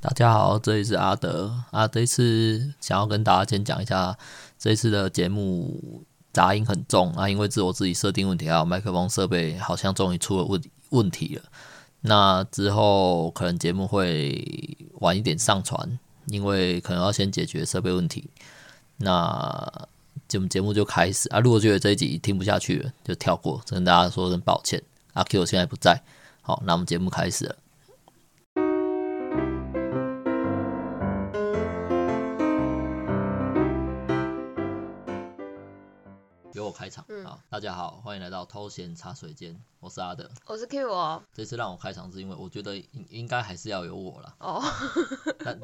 大家好，這裡是阿德啊。這一次想要跟大家先講一下，這一次的節目雜音很重啊，因為是我自己設定問題啊，麥克風設備好像終於出了問問題了。那之後可能節目會晚一點上傳，因為可能要先解決設備問題。那這節目就開始啊。如果覺得這一集聽不下去了，就跳過，就跟大家說聲抱歉。阿 Q 現在不在，好，那我們節目開始了。場、嗯、好、大家好，歡迎來到偷閒茶水間，我是阿德，我是 Q 哦。這次讓我開場是因為我覺得應應該還是要有我了哦， 但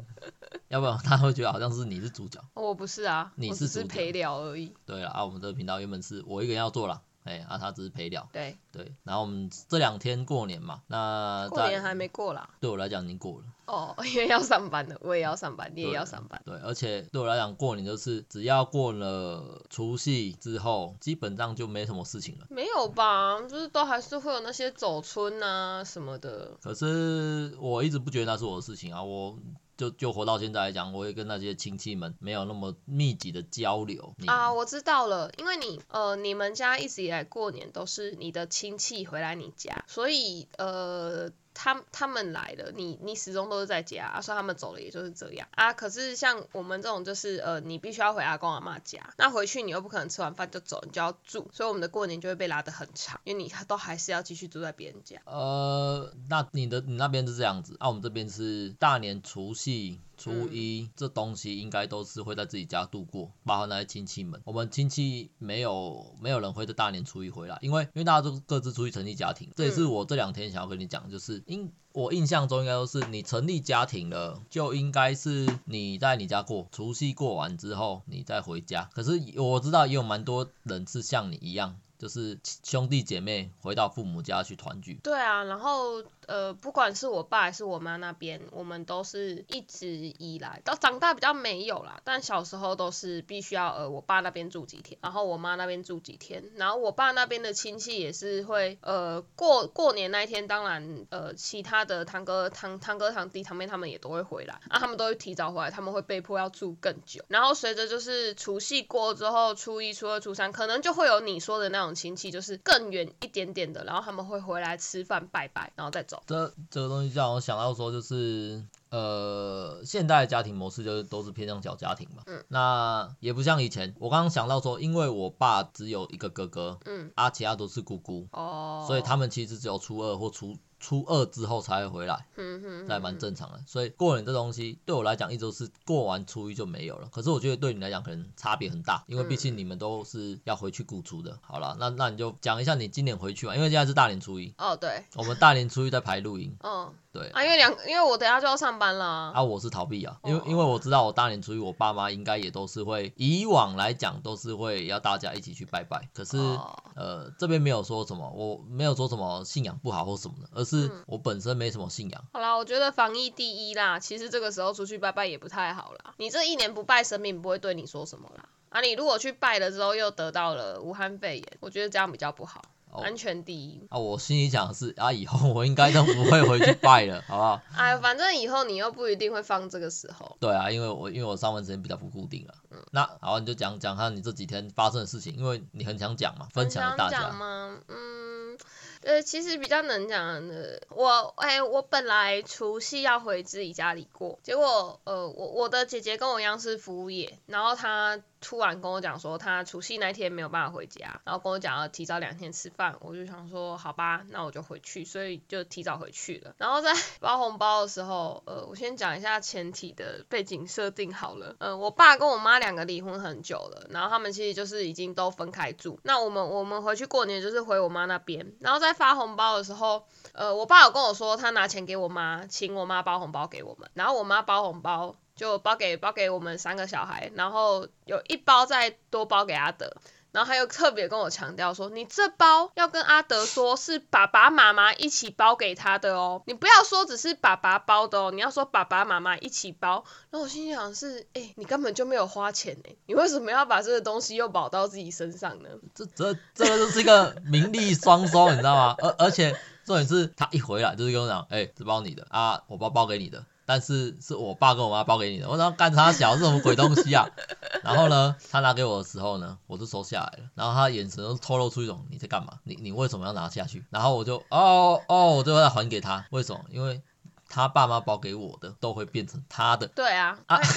要不然他會覺得好像是你是主角，我不是啊，你是，主角只是陪聊而已。對了啊，我們這個頻道原本是我一個人要做了。哎，啊，他只是陪聊。對對，然後我們這兩天過年嘛，那過年還沒過啦。對我來講已經過了。哦，因為要上班了，我也要上班，你也要上班。對了，對，而且對我來講，過年就是只要過了除夕之後，基本上就沒什麼事情了。沒有吧？就是都還是會有那些走春啊什麼的。可是我一直不覺得那是我的事情啊，我。就就活到現在來講，我也跟那些親戚們沒有那麼密集的交流。啊，我知道了，因為你呃，你們家一直以來過年都是你的親戚回來你家，所以呃。他他們來了，你你始終都是在家，啊說他們走了也就是這樣啊。可是像我們這種，就是呃，你必須要回阿公阿媽家，那回去你又不可能吃完飯就走，你就要住，所以我們的過年就會被拉得很長，因為你都還是要繼續住在別人家。呃，那你的你那邊是這樣子，那、啊、我們這邊是大年除夕初一這東西應該都是會在自己家度過，包含那些親戚們。我們親戚沒有沒有人會在大年初一回來，因為因為大家都各自出去成立家庭，嗯。這也是我這兩天想要跟你講，就是因我印象中應該都是你成立家庭了，就應該是你在你家過除夕，過完之後你再回家。可是我知道也有蠻多人是像你一樣，就是兄弟姐妹回到父母家去團聚。對啊，然後。呃，不管是我爸還是我媽那邊，我們都是一直以來到長大比較沒有啦，但小時候都是必須要呃我爸那邊住幾天，然後我媽那邊住幾天，然後我爸那邊的親戚也是會呃過過年那一天，當然呃其他的堂哥堂堂哥堂弟堂妹他們也都會回來，啊他們都會提早回來，他們會被迫要住更久，然後隨着就是除夕過之後，初一初二初三，可能就會有你說的那種親戚，就是更遠一點點的，然後他們會回來吃飯拜拜，然後再走。這這個東西讓我想到說，就是呃，現代的家庭模式就是都是偏向小家庭嘛，嗯。那也不像以前，我剛剛想到說，因為我爸只有一個哥哥，嗯，啊其他都是姑姑，哦，所以他們其實只有初二或初。初二之後才會回來，嗯哼，哼，哼，這還蠻正常的。所以過年這東西對我來講，一直是過完初一就沒有了。可是我覺得對你來講可能差別很大，因為畢竟你們都是要回去古厝的。嗯、好了，那那你就講一下你今年回去吧，因為現在是大年初一哦，oh, 對，我們大年初一在排錄音。嗯、 oh.。對啊，因為兩，因為我等下就要上班了啊,啊。我是逃避啊，因為因為我知道我大年初一我爸媽應該也都是會，以往來講都是會要大家一起去拜拜。可是、哦、呃這邊沒有說什麼，我沒有說什麼信仰不好或什麼的，而是我本身沒什麼信仰。嗯、好啦，我覺得防疫第一啦。其實這個時候出去拜拜也不太好啦。你這一年不拜神明不會對你說什麼啦。啊，你如果去拜了之後又得到了武漢肺炎，我覺得這樣比較不好。哦、安全第一啊！我心裡想的是啊，以後我應該都不會回去拜了， 好不好？哎、啊，反正以後你又不一定會放這個時候。對啊，因為我因為我上班時間比較不固定了，啊。嗯，那好，你就講講看你這幾天發生的事情，因為你很想講嘛，嘛，分享給大家。想講嗎？嗯，呃，其實比較能講的，我哎、欸，我本來除夕要回自己家裡過，結果呃，我我的姐姐跟我一樣是服務業，然後她。突然跟我講說，他除夕那天沒有辦法回家，然後跟我講要提早兩天吃飯，我就想說好吧，那我就回去，所以就提早回去了。然後在包紅包的時候，呃，我先講一下前提的背景設定好了。嗯、呃，我爸跟我媽兩個離婚很久了，然後他們其實就是已經都分開住。那我們我們回去過年就是回我媽那邊。然後在發紅包的時候，呃，我爸有跟我說他拿錢給我媽，請我媽包紅包給我們，然後我媽包紅包。就包給包給我們三個小孩，然後有一包再多包給阿德，然後他又特別跟我強調說，你這包要跟阿德說，是爸爸媽媽一起包給他的喔，你不要說只是爸爸包的喔，你要說爸爸媽媽一起包。然後我心裡想是，欸，你根本就沒有花錢欸，你為什麼要把這個東西又保到自己身上呢？這這這個就是一個名利雙收， 你知道嗎？而而且重點是他一回來就是跟我講，欸，這包你的啊，我包包給你的。但是是我爸跟我媽包給你的，我想幹他小是 什麼鬼東西啊？然後呢，他拿給我的時候呢，我就收下來了。然後他眼神都透露出一種你在幹嘛？你你為什麼要拿下去？然後我就哦哦，我最後要還給他。為什麼？因為他爸媽包給我的都會變成他的。對啊。啊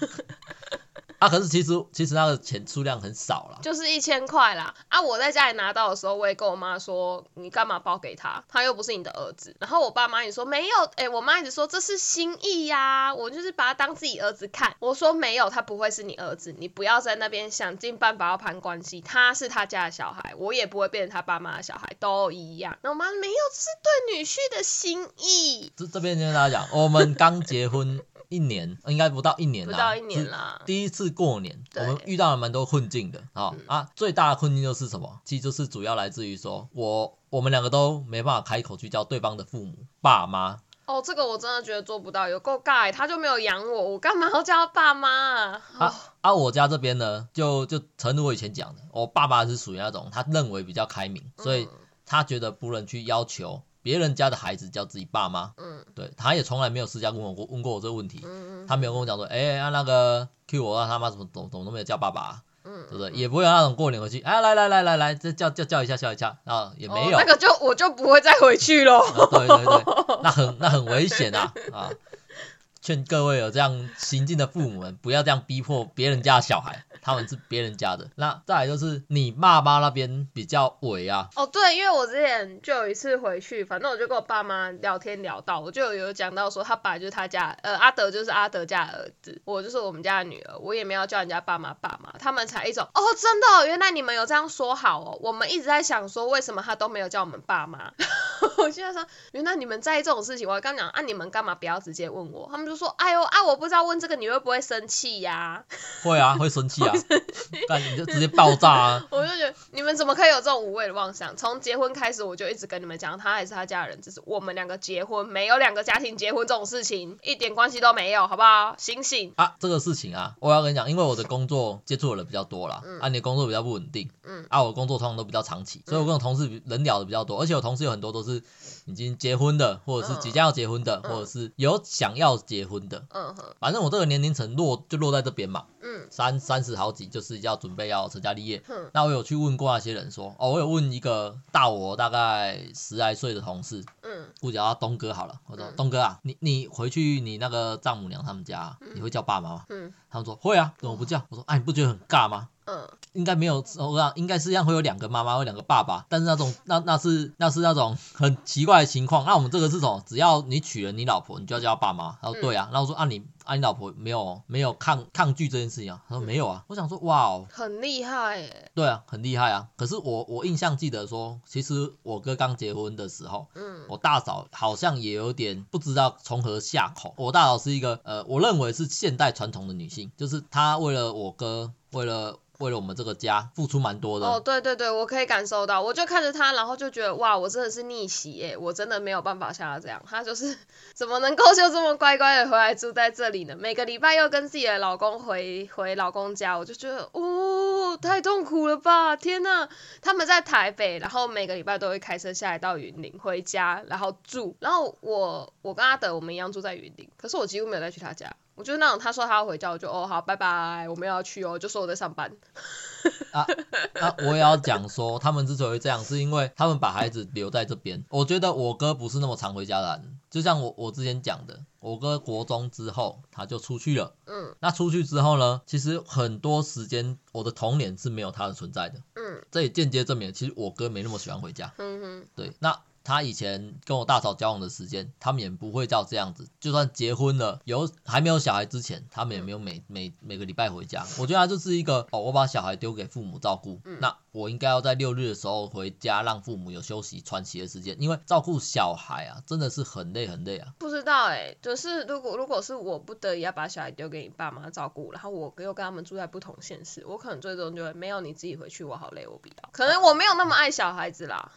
啊，可是其實其實那個錢數量很少了，就是一千塊啦。啊，我在家裡拿到的時候，我也跟我媽說：“你幹嘛包給他？他又不是你的兒子。”然後我爸媽也說沒有。哎、欸，我媽一直說這是心意呀、啊，我就是把他當自己兒子看。我說沒有，他不會是你兒子，你不要在那邊想盡辦法要攀關係。他是他家的小孩，我也不會變成他爸媽的小孩，都一樣。然後我媽沒有，這是對女婿的心意。這這邊就跟大家講，我們剛結婚一年， 應該不到一年啦，不到一年了，第一次。過年，我們遇到了蠻多困境的啊、哦嗯、啊！最大的困境就是什麼？其實就是主要來自於說，我我們兩個都沒辦法開口去叫對方的父母爸媽。哦，這個我真的覺得做不到，有夠尬，他就沒有養我，我幹嘛要叫他爸媽啊？啊、哦、啊！啊我家這邊呢，就就，誠如我以前講的，我爸爸是屬於那種他認為比較開明，所以他覺得不能去要求。嗯別人家的孩子叫自己爸媽，嗯，對，他也從來沒有私家問我過問過我這個問題，嗯、他沒有跟我講說，哎、欸，呀，那個 Q 我讓他媽怎麼怎麼怎麼都沒有叫爸爸，啊，嗯，不是，嗯，也不會有那種過年回去，哎、啊，來來來來來，這叫叫叫一下叫一下，啊，也沒有，哦、那個就我就不會再回去了、 啊，對對對，那很那很危險的啊。啊勸各位有這樣行徑的父母們，不要這樣逼迫別人家的小孩，他們是別人家的。那再來就是你爸媽那邊比較偽啊。哦，對，因為我之前就有一次回去，反正我就跟我爸媽聊天聊到，我就有講到說，他爸就是他家，呃，阿德就是阿德家的兒子，我就是我們家的女兒，我也沒有叫人家爸媽爸媽，他們才一種，哦，真的，原來你們有這樣說好哦，我們一直在想說，為什麼他都沒有叫我們爸媽， 我現在說，原來你們在意這種事情，我剛講啊，你們幹嘛不要直接問我，他們。就說，哎呦，啊，我不知道問這個你會不會生氣呀？啊？會啊，會生氣啊，那 你就直接爆炸啊！ 我就覺得你們怎麼可以有這種無謂的妄想？從結婚開始我就一直跟你們講，他還是他家人，就是我們兩個結婚，沒有兩個家庭結婚這種事情，一點關係都沒有，好不好？醒醒！啊，這個事情啊，我要跟你講，因為我的工作接觸的人比較多啦，嗯，啊，你的工作比較不穩定，嗯，啊，我的工作通常都比較長期，所以我跟我同事人聊的比較多，嗯，而且我同事有很多都是。已經結婚的，或者是即將要結婚的，或者是有想要結婚的，反正我這個年齡層落就落在這邊嘛，嗯，三三十好幾就是要準備要成家立業，嗯，那我有去問過那些人說，哦，我有問一個大我大概十來歲的同事，嗯，我叫他東哥好了，我說、嗯、東哥啊，你你回去你那個丈母娘他們家，你會叫爸媽嗎？嗯，嗯，他們說會啊，怎麼不叫？我說哎、啊，你不覺得很尬嗎？應該沒有，我講應該是這樣，會有兩個媽媽，會有兩個爸爸，但是那種那那是那是那種很奇怪的情況。那我們這個是什麼，只要你娶了你老婆，你就要叫他爸媽。他說對啊，那、嗯、我說啊你啊你老婆沒有沒有抗抗拒這件事情、啊？他說沒有啊。嗯、我想說哇、哦，很厲害、欸。對啊，很厲害啊。可是我我印象記得說，其實我哥剛結婚的時候，嗯，我大嫂好像也有點不知道從何下口。我大嫂是一個呃，我認為是現代傳統的女性、嗯，就是她為了我哥為了。為了我們這個家付出蠻多的哦，對對對，我可以感受到，我就看着他，然後就覺得哇，我真的是逆襲耶，我真的沒有辦法像他這樣，他就是怎麼能夠就這麼乖乖的回來住在這裡呢？每個禮拜又跟自己的老公回回老公家，我就覺得哦，太痛苦了吧，天呐！他們在台北，然後每個禮拜都會開車下來到雲林回家，然後住，然後我我跟阿德我們一樣住在雲林，可是我幾乎沒有再去他家。我就那種他說他要回家，我就哦好，拜拜，我們要去哦，就說我在上班。 啊啊，我也要講說，他們之所以會這樣，是因為他們把孩子留在這邊。我覺得我哥不是那麼常回家的人，就像我我之前講的，我哥國中之後他就出去了。嗯。那出去之後呢？其實很多時間我的童年是沒有他的存在的。嗯。這也間接證明，其實我哥沒那麼喜歡回家。嗯哼。對，那。他以前跟我大嫂交往的時間，他們也不會照這樣子。就算結婚了，有還沒有小孩之前，他們也沒有每、嗯、每每個禮拜回家。我覺得他就是一個哦，我把小孩丟給父母照顧、嗯，那我應該要在六日的時候回家，讓父母有休息喘息的時間。因為照顧小孩啊，真的是很累很累啊。不知道哎、欸，就是如果如果是我不得已要把小孩丟給你爸媽照顧，然後我又跟他們住在不同縣市，我可能最終就會沒有你自己回去，我好累，我比較可能我沒有那麼愛小孩子啦。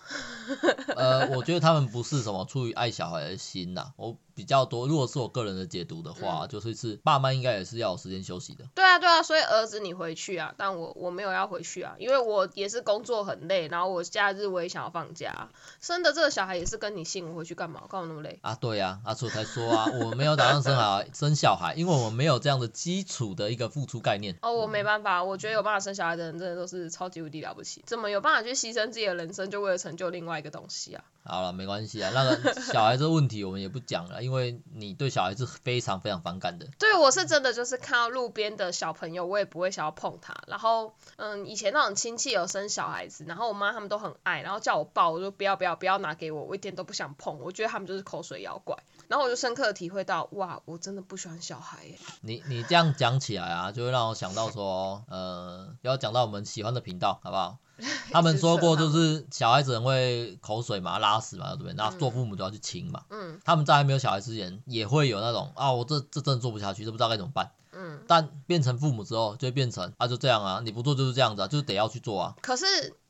呃，我。覺得他們不是什麼出於愛小孩的心吶、啊，我。比較多，如果是我個人的解讀的話，嗯、就是，是爸媽應該也是要有時間休息的。對啊，對啊，所以兒子你回去啊，但我我沒有要回去啊，因為我也是工作很累，然後我假日我也想要放假。生的這個小孩也是跟你姓，我回去幹嘛？幹嘛那麼累？啊，對啊，阿、啊、楚才說啊，我沒有打算生小孩 生小孩，因為我沒有這樣的基礎的一個付出概念。哦，我沒辦法，我覺得有辦法生小孩的人真的都是超級無敵了不起，怎麼有辦法去犧牲自己的人生，就為了成就另外一個東西啊？好了，沒關係啊，那個小孩這個問題我們也不講了。 因為你對小孩子非常非常反感的對。對，我是真的，就是看到路邊的小朋友，我也不會想要碰他。然後，嗯，以前那種親戚有生小孩子，然後我媽他們都很愛，然後叫我抱，我就不要不要不要，拿給我，我一點都不想碰，我覺得他們就是口水妖怪。然後我就深刻的體會到，哇，我真的不喜歡小孩耶。欸。你你這樣講起來啊，就會讓我想到說， 呃，要講到我們喜歡的頻道好不好？ 他們說過就是小孩子會口水嘛，拉屎嘛，對不對？那，嗯，做父母都要去親嘛。嗯。他們在還沒有小孩之前也會有那種啊，我這這真的做不下去，這不知道該怎麼辦。嗯。但變成父母之後就會變成啊就這樣啊，你不做就是這樣子啊，就是得要去做啊。可是。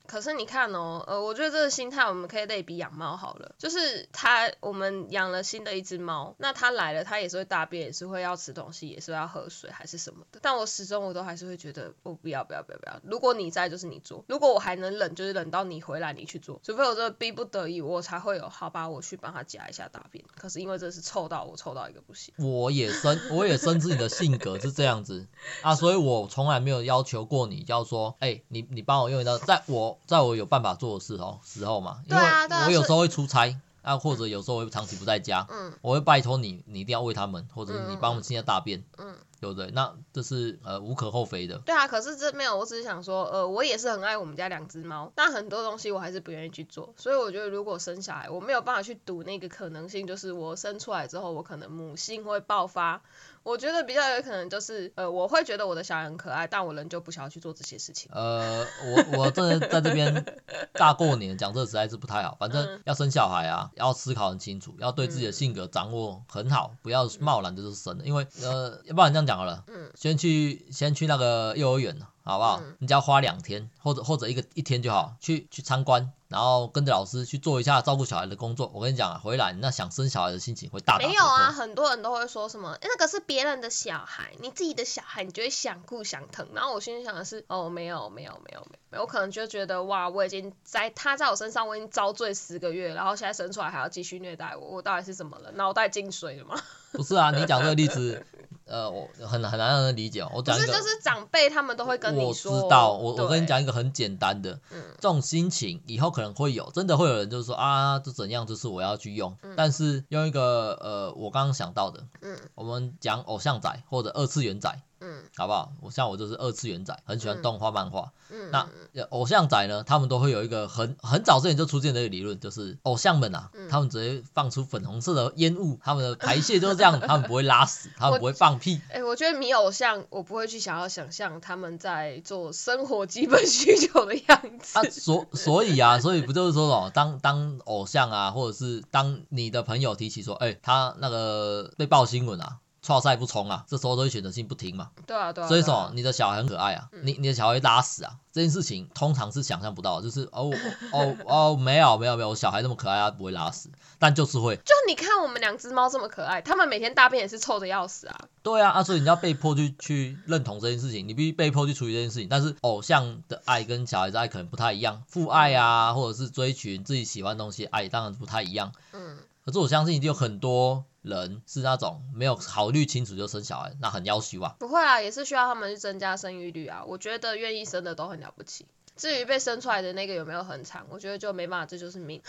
可是你看哦，呃，我覺得這個心態我們可以類比養貓好了，就是它我們養了新的一只貓，那它來了，它也是會大便，也是會要吃東西，也是會要喝水，還是什麼的。但我始終我都還是會覺得，我不要不要不要不要。如果你在，就是你做；如果我還能忍，就是忍到你回來你去做。除非我真的逼不得已，我才會有好吧，我去幫它夾一下大便。可是因為這是臭到我臭到一個不行，我也深我也深知你的性格是這樣子 啊，所以我從來沒有要求過你要說，哎、欸，你你幫我用一道，在我。在我有辦法做的時候時候嘛，因為我有時候會出差，啊，啊或者有時候我會長期不在家，嗯嗯、我會拜托你，你一定要餵他們，或者是你幫我們清下大便，嗯嗯，對不對？那這是呃無可厚非的。對啊，可是這沒有，我只是想說，呃，我也是很愛我們家兩隻貓，但很多東西我還是不願意去做，所以我覺得如果生下來，我沒有辦法去賭那個可能性，就是我生出來之後，我可能母性會爆發。我覺得比較有可能就是，呃，我會覺得我的小孩很可愛，但我仍舊不想要去做這些事情。呃，我我這在這邊大過年講 這個實在是不太好，反正要生小孩啊，要思考很清楚，要對自己的性格掌握很好，不要貿然就是生了，嗯，因為呃，要不然這樣講好了，嗯，先去先去那個幼兒園好不好、嗯？你只要花兩天，或者或者一個一天就好，去去參觀，然後跟着老師去做一下照顧小孩的工作。我跟你講啊，回來那想生小孩的心情會大。沒有啊，很多人都會說什麼誒，那個是別人的小孩，你自己的小孩，你就會想哭想疼。然後我心裡想的是，哦，沒有沒有沒有沒有，我可能就覺得哇，我已經在他在我身上我已經遭罪十個月，然後現在生出來還要繼續虐待我，我到底是怎麼了？腦袋進水了嗎？不是啊，你講這個例子。 呃，我很很難讓人理解我講的是，就是長輩他們都會跟你說。我知道，我我跟你講一個很簡單的，嗯，這種心情以後可能會有，真的會有人就是說啊，這怎樣，就是我要去用。嗯，但是用一個呃，我剛剛想到的，嗯，我們講偶像仔或者二次元仔。嗯，好不好？我像我就是二次元仔，很喜歡動畫、漫畫、嗯。嗯，那偶像仔呢？他們都會有一個很很早之前就出現的一個理論，就是偶像們啊，嗯、他們直接放出粉紅色的煙霧，他們的排泄就是這樣， 他們不會拉屎，他們不會放屁。哎、欸，我覺得迷偶像，我不會去想要想象他們在做生活基本需求的樣子。啊，所所以啊，所以不就是說哦，當當偶像啊，或者是當你的朋友提起說，哎、欸，他那個被爆新聞啊。創塞不衝啊，這時候都會選擇性不聽嘛。對啊，啊。啊、所以說，你的小孩很可愛啊，嗯、你你的小孩會拉屎啊，這件事情通常是想象不到，就是哦哦哦，哦，沒有沒有沒有，我小孩那麼可愛，他不會拉屎，但就是會。就你看我們兩隻貓這麼可愛，他們每天大便也是臭的要死啊。對啊，啊，所以你要被迫去 去認同這件事情，你必須被迫去處理這件事情。但是偶像的愛跟小孩子愛可能不太一樣，父愛啊，或者是追尋自己喜歡的東西的愛，當然不太一樣。嗯。可是我相信一定有很多。人是那種沒有考慮清楚就生小孩，那很要求啊。不會啊，也是需要他們去增加生育率啊。我覺得願意生的都很了不起。至於被生出來的那個有沒有很慘，我覺得就沒辦法，這就是命。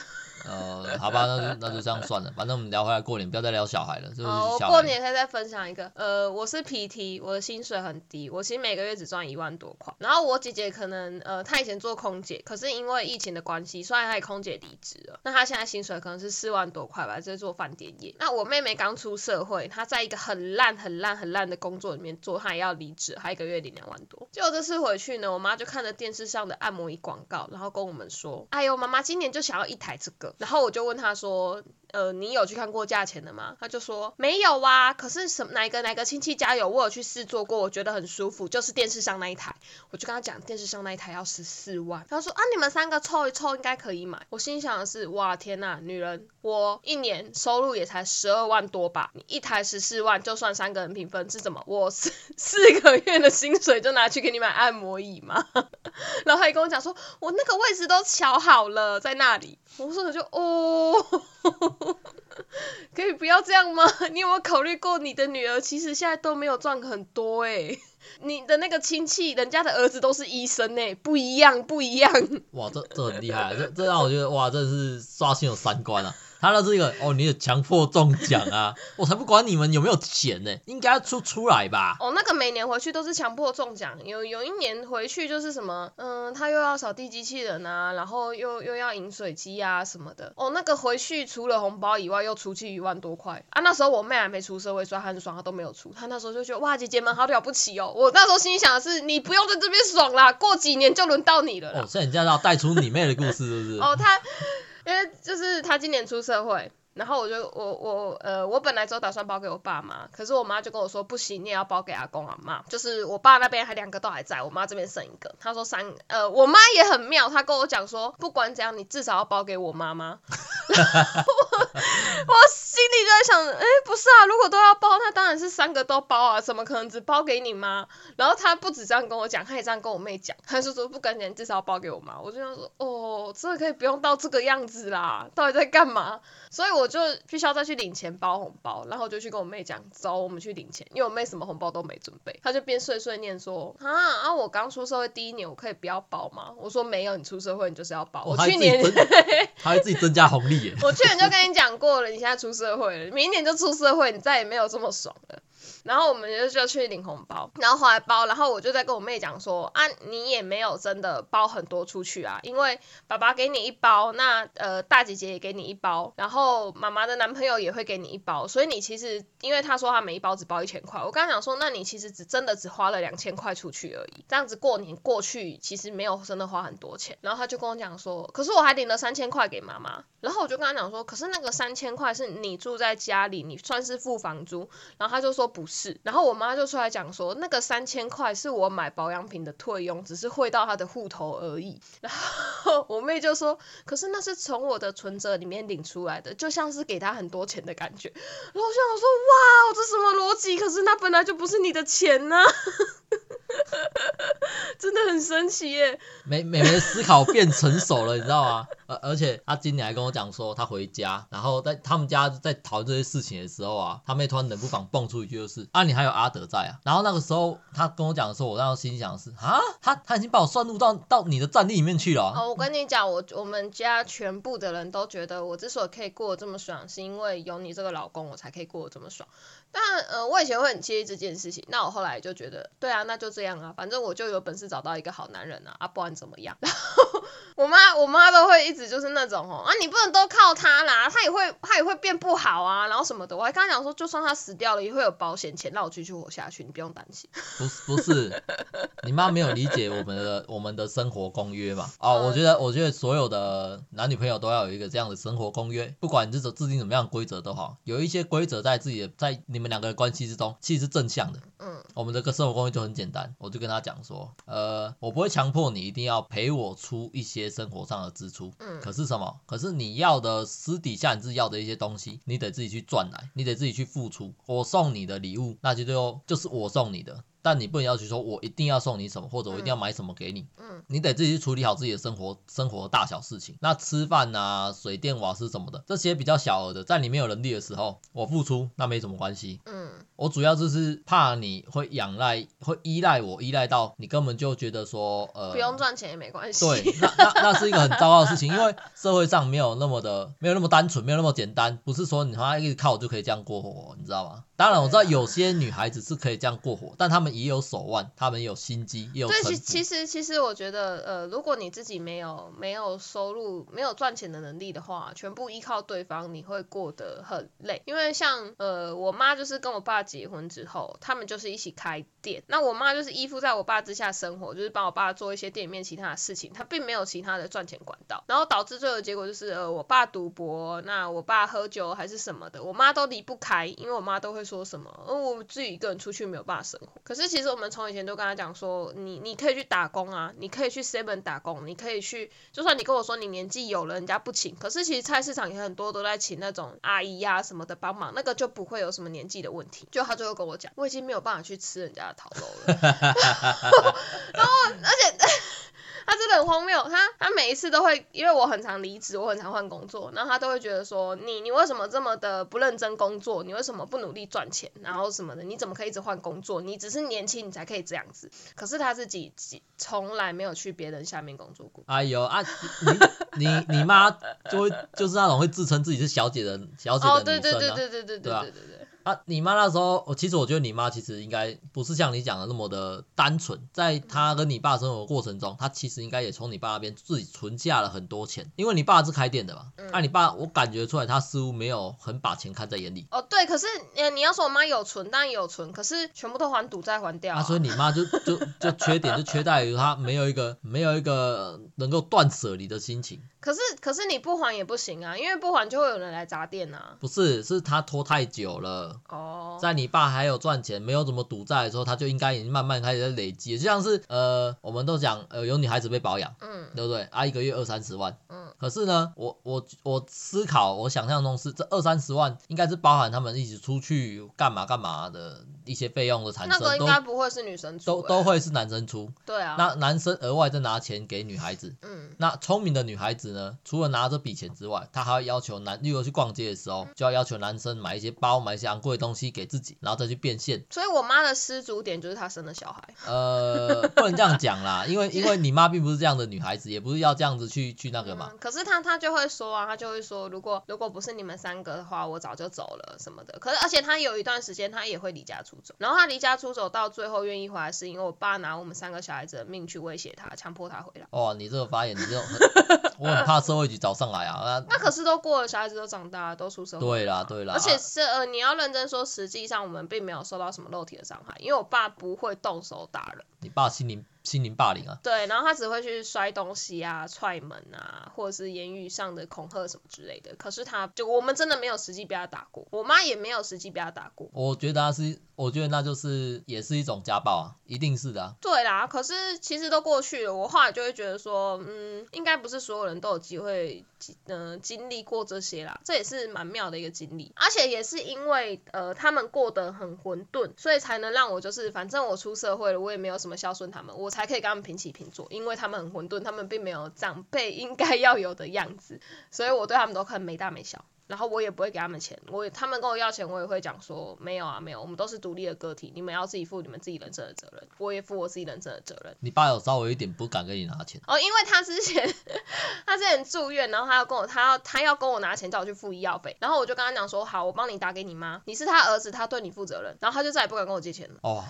呃，好吧，那就那就這樣算了。反正我們聊回來過年，不要再聊小孩了。哦是是，呃、過年可以再分享一個。呃，我是 PT，我的薪水很低，我其實每個月只賺一萬多塊。然後我姐姐可能呃，她以前做空姐，可是因為疫情的關係，雖然她也空姐離職了。那她現在薪水可能是四萬多塊吧，這是做飯店業。那我妹妹剛出社會，她在一個很爛、很爛、很爛的工作裡面做，她也要離職，她一個月領兩萬多。結果這次回去呢，我媽就看着電視上的。按摩椅廣告，然後跟我們說：“哎呦，媽媽今年就想要一台這個。”然後我就問他說。呃，你有去看過價錢的嗎？他就說沒有啊。可是什麼哪一個哪一個親戚家有，我有去試坐過，我覺得很舒服，就是電視上那一台。我就跟他講，電視上那一台要十四萬。他說啊，你們三個湊一湊應該可以買。我心想的是，哇，天哪、啊，女人，我一年收入也才十二萬多吧？你一台十四萬，就算三個人平分，是怎麼？我四四個月的薪水就拿去給你買按摩椅嗎？ 然後他也跟我講說，我那個位置都喬好了，在那裡。我說我就哦。 可以不要這樣嗎？你有沒有考慮過你的女兒？其實現在都沒有賺很多欸，你的那個親戚，人家的兒子都是醫生欸，不一樣，不一樣。哇，這這很厲害啊，這這讓我覺得哇，這是刷新了三觀啊。他的這個哦，你有強迫中獎啊， 我才不管你們有沒有錢呢、欸，應該要出出來吧。哦，那個每年回去都是強迫中獎，有有一年回去就是什麼，嗯、呃，他又要掃地機器人啊，然後又又要飲水機啊什麼的。哦，那個回去除了紅包以外，又出去一萬多塊。啊，那時候我妹還沒出社會，所以她很爽，她都沒有出。她那時候就覺得哇，姐姐們好了不起哦。我那時候心裡想的是，你不用在這邊爽啦，過幾年就輪到你了。哦，所以你這樣要帶出你妹的故事，是不是？ 哦，他她。 因為就是他今年出社會，然後我就我我呃，我本來就打算包給我爸媽，可是我媽就跟我說不行，你也要包給阿公阿媽，就是我爸那邊還兩個都還在，我媽這邊剩一個。他說三呃，我媽也很妙，她跟我講說，不管怎樣，你至少要包給我媽媽。 在想，哎、欸，不是啊，如果都要包，那當然是三個都包啊，怎麼可能只包給你媽？然後他不止這樣跟我講，他也這樣跟我妹講，他就說不跟你，至少要包給我媽。我就想說，哦，真、這、的、個、可以不用到這個樣子啦，到底在幹嘛？所以我就必須要再去領錢包紅包，然後我就去跟我妹講，走，我們去領錢，因為我妹什麼紅包都沒準備，他就邊碎碎念說啊啊，我剛出社會第一年，我可以不要包嗎？我說沒有，你出社會你就是要包。哦、我去年他會自， 自己增加紅利耶，我去年就跟你講過了，你現在出社會了。明年就出社會，你再也沒有這麼爽了。然後我們就就去領紅包，然後後來包，然後我就在跟我妹講說啊，你也沒有真的包很多出去啊，因為爸爸給你一包，那呃大姐姐也給你一包，然後媽媽的男朋友也會給你一包，所以你其實因為他說他每一包只包一千塊，我剛想說那你其實只真的只花了兩千塊出去而已，這樣子過年過去其實沒有真的花很多錢。然後他就跟我講說，可是我還領了三千塊給媽媽，然後我就跟他講說，可是那個三千塊是你住在家裡，你算是付房租，然後他就說。不是，然後我媽就出來講說，那個三千塊是我買保養品的退傭，只是匯到她的戶頭而已。然後我妹就說，可是那是從我的存折裡面領出來的，就像是給她很多錢的感覺。然後我想說，哇，這什麼邏輯？可是那本來就不是你的錢呢啊。 真的很神奇耶美！美美的思考變成熟了， 你知道嗎？而而且他今年還跟我講說，他回家，然後在他們家在討論這些事情的時候啊，他妹突然冷不防蹦出一句，就是啊，你還有阿德在啊！然後那個時候她跟我講的時候，我那時候心想的是啊，她她已經把我算入到到你的戰力裡面去了、啊。哦，我跟你講，我我們家全部的人都覺得，我之所以可以過得這麼爽，是因為有你這個老公，我才可以過得這麼爽。但呃，我以前會很介意這件事情。那我後來就覺得，對啊，那就這樣啊，反正我就有本事找到一個好男人啊，啊，不管怎麼樣，然後我媽，我媽都會一直就是那種哦，啊，你不能都靠他啦，他也會，他也會變不好啊，然後什麼的。我還跟他講說，就算他死掉了，也會有保險錢讓我繼續活下去，你不用擔心。不是不是， 你媽沒有理解我們的我們的生活公約嘛？哦，嗯、我覺得我覺得所有的男女朋友都要有一個這樣的生活公約，不管這種制定什麼樣的規則都好，有一些規則在自己的在你們。我們兩個人關係之中，其實是正向的。嗯，我們這個生活公約就很簡單，我就跟他講說，呃，我不會強迫你一定要陪我出一些生活上的支出。可是什麼？可是你要的私底下你自己要的一些東西，你得自己去賺來，你得自己去付出。我送你的禮物，那就就就是我送你的。但你不能要求說，我一定要送你什麼，或者我一定要買什麼給你。嗯，嗯，你得自己去處理好自己的生活，生活的大小事情。那吃飯啊、水電瓦斯什麼的，這些比較小額的，在你沒有能力的時候，我付出那沒什麼關係。嗯，我主要就是怕你會仰賴，會依賴我，依賴到你根本就覺得說，呃，不用賺錢也沒關係。對，那那那是一個很糟糕的事情， 因為社會上沒有那麼的，沒有那麼單純，沒有那麼簡單，不是說你他媽一直靠我就可以這樣過活，你知道嗎？當然我知道有些女孩子是可以這樣過活，啊，但他們。也有手腕，他們有心機，有。對，其其實其實我覺得，呃，如果你自己沒有沒有收入、沒有賺錢的能力的話，全部依靠對方，你會過得很累。因為像呃，我媽就是跟我爸結婚之後，他們就是一起開店，那我媽就是依附在我爸之下生活，就是幫我爸做一些店裡面其他的事情，她並沒有其他的賺錢管道，然後導致最後的結果就是，呃，我爸賭博，那我爸喝酒還是什麼的，我媽都離不開，因為我媽都會說什麼，呃、嗯，我自己一個人出去沒有辦法生活，可是。其實我們從以前都跟他講說，你你可以去打工啊，你可以去 seven 打工，你可以去，就算你跟我說你年紀有了，人家不請。可是其實菜市場也很多都在請那種阿姨呀、啊、什麼的幫忙，那個就不會有什麼年紀的問題。就他就跟我講，我已經沒有辦法去吃人家的頭路了， 然後而且。 他真的很荒謬，他他每一次都會，因為我很常離職，我很常換工作，然後他都會覺得說，你你為什麼這麼的不認真工作，你為什麼不努力賺錢，然後什麼的，你怎麼可以一直換工作？你只是年輕，你才可以這樣子。可是他自己從來沒有去別人下面工作過。哎呦啊，你你媽就會 就是那種會自稱自己是小姐的小姐的女生哦、啊，oh, 對,對,對,對,對,對,對對對對對對，對對、啊、對。啊，你媽那時候，我其實我覺得你媽其實應該不是像你講的那麼的單純，在她跟你爸生活過程中，她其實應該也從你爸那邊自己存下了很多錢，因為你爸是開店的嘛。那、嗯啊、你爸，我感覺出來她似乎沒有很把錢看在眼裡。哦，對，可是，欸、你要說我媽有存，當然有存，可是全部都還賭債還掉啊。啊，所以你媽就就就缺點就缺在於她沒有一個沒有一個能夠斷舍離的心情。可是可是你不還也不行啊，因為不還就會有人來砸店吶、啊。不是，是他拖太久了。哦、oh。在你爸還有賺錢、沒有怎麼賭債的時候，他就應該已經慢慢開始累積，就像是呃，我們都講呃，有女孩子被保養，嗯，對不對？啊，一個月二三十萬，嗯。可是呢，我我我思考，我想象中是這二三十萬應該是包含他們一起出去幹嘛幹嘛的一些費用的產生。那個應該不會是女生出、欸。都都，都會是男生出。對啊。那男生額外再拿錢給女孩子。嗯。那聰明的女孩子呢。除了拿這筆錢之外，他還要要求男，例如去逛街的時候，就要要求男生買一些包，買一些昂貴的東西給自己，然後再去變現。所以，我媽的失足點就是她生了小孩。呃，不能這樣講啦 因，因為因為你媽並不是這樣的女孩子，也不是要這樣子去去那個嘛。嗯、可是她她就會說啊，她就會說，如果如果不是你們三個的話，我早就走了什麼的。可是而且她有一段時間她也會離家出走，然後她離家出走到最後願意回來，是因為我爸拿我們三個小孩子的命去威脅她，強迫她回來。哦，你這個發言，你這種很 怕社會局找上來啊！那可是都過了，小孩子，都長大了，都出社會了。對啦，對啦。而且是呃，你要認真說，實際上我們並沒有受到什麼肉體的傷害，因為我爸不會動手打人。你爸心靈？心靈霸凌啊，對，然後他只會去摔東西啊、踹門啊，或者是言語上的恐嚇什麼之類的。可是他就我們真的沒有實際被他打過，我媽也沒有實際被他打過。我覺得他是，我覺得那就是也是一種家暴啊，一定是的啊。對啦，可是其實都過去了，我後來就會覺得說，嗯，應該不是所有人都有機會，嗯，呃，經歷過這些啦，這也是蠻妙的一個經歷。而且也是因為呃，他們過得很混沌，所以才能讓我就是，反正我出社會了，我也沒有什麼孝順他們，我。才可以跟他們平起平坐，因為他們很混沌，他們並沒有長輩應該要有的樣子，所以我對他們都很沒大沒小，然後我也不會給他們錢，我也他們跟我要錢，我也會講說沒有啊，沒有，我們都是獨立的個體，你們要自己負你們自己人生的責任，我也負我自己人生的責任。你爸有稍微一點不敢跟你拿錢哦。因為他之前他之前住院，然後他要跟我他要他要跟我拿錢叫我去付醫藥費，然後我就跟他講說好，我幫你打給你媽，你是他兒子，他對你負責任，然後他就再也不敢跟我借錢了。哦。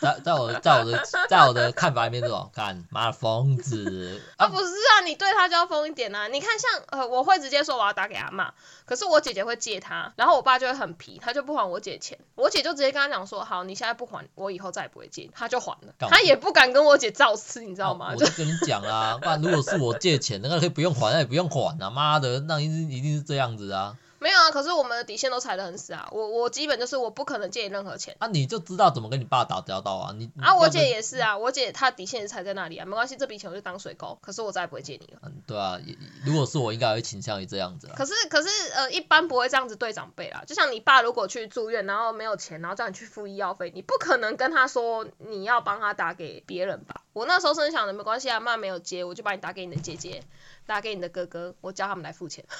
在在我的在我的在我的看法裡面這種看，媽的瘋子啊！啊不是啊，你對他就要瘋一點啊。你看像，像呃，我會直接說我要打給他罵，可是我姐姐會借他，然後我爸就會很皮，他就不還我姐錢，我姐就直接跟他講說，好，你現在不還，我以後再也不會借你，他就還了，他也不敢跟我姐造次，你知道嗎？啊，我就跟你講 不然如果是我借錢，那個可以不用還，那也不用還啊。媽的，那一定一定是這樣子啊！沒有啊，可是我們的底線都踩得很死啊。我我基本就是我不可能借你任何錢。那、啊、你就知道怎麼跟你爸打交道啊？你啊，我姐也是啊，我姐她底線是踩在那裡啊，沒關係，這筆錢我就當水溝，可是我再也不會借你了。嗯、啊，對啊，如果是我，應該會傾向於這樣子、啊。可是可是呃，一般不會這樣子對長輩啦。就像你爸如果去住院，然後沒有錢，然後叫你去付醫藥費，你不可能跟他說你要幫他打給別人吧？我那時候是想的，沒關係啊，媽沒有接，我就把你打給你的姐姐，打給你的哥哥，我叫他們來付錢。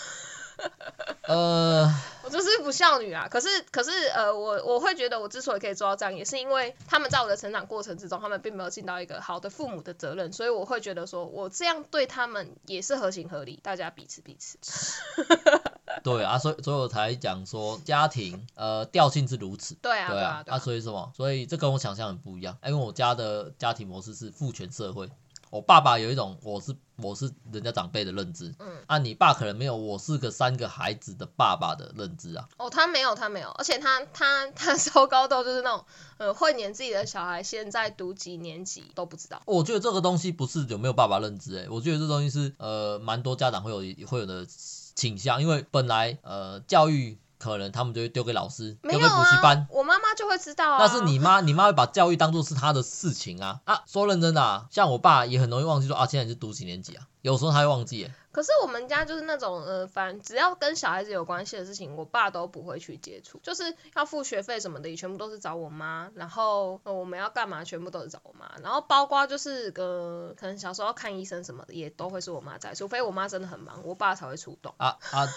呃，我就是不孝女啊。可是，可是，呃，我我會覺得，我之所以可以做到這樣，也是因為他們在我的成長過程之中，他們並沒有盡到一個好的父母的責任，所以我會覺得說，我這樣對他們也是合情合理，大家彼此彼此。 對啊，所以，所以我才講說，家庭，呃，調性是如此，對啊，對啊。對啊，對啊。啊，所以什麼？所以這跟我想象很不一樣。因為我家的家庭模式是父權社會，我爸爸有一種，我是。我是人家長輩的認知，嗯，啊，你爸可能沒有。我是個三個孩子的爸爸的認知啊。哦，他沒有，他沒有，而且他他他身高度就是那種，呃，會連自己的小孩現在讀幾年級都不知道。我覺得這個東西不是有沒有爸爸認知，欸，我覺得這東西是呃，蠻多家長會有會有的傾向，因為本來呃，教育。可能他們就會丟給老師，丟、啊、給補習班。我媽媽就會知道啊。那是你媽，你媽會把教育當做是她的事情啊啊，說認真的，啊。像我爸也很容易忘記說啊，現在你是讀幾年級啊？有時候他會忘記。可是我們家就是那種呃，反正只要跟小孩子有關係的事情，我爸都不會去接觸，就是要付學費什麼的，也全部都是找我媽。然後，呃，我們要幹嘛，全部都是找我媽。然後包括就是呃，可能小時候看醫生什麼的，也都會是我媽在，除非我媽真的很忙，我爸才會出動。啊啊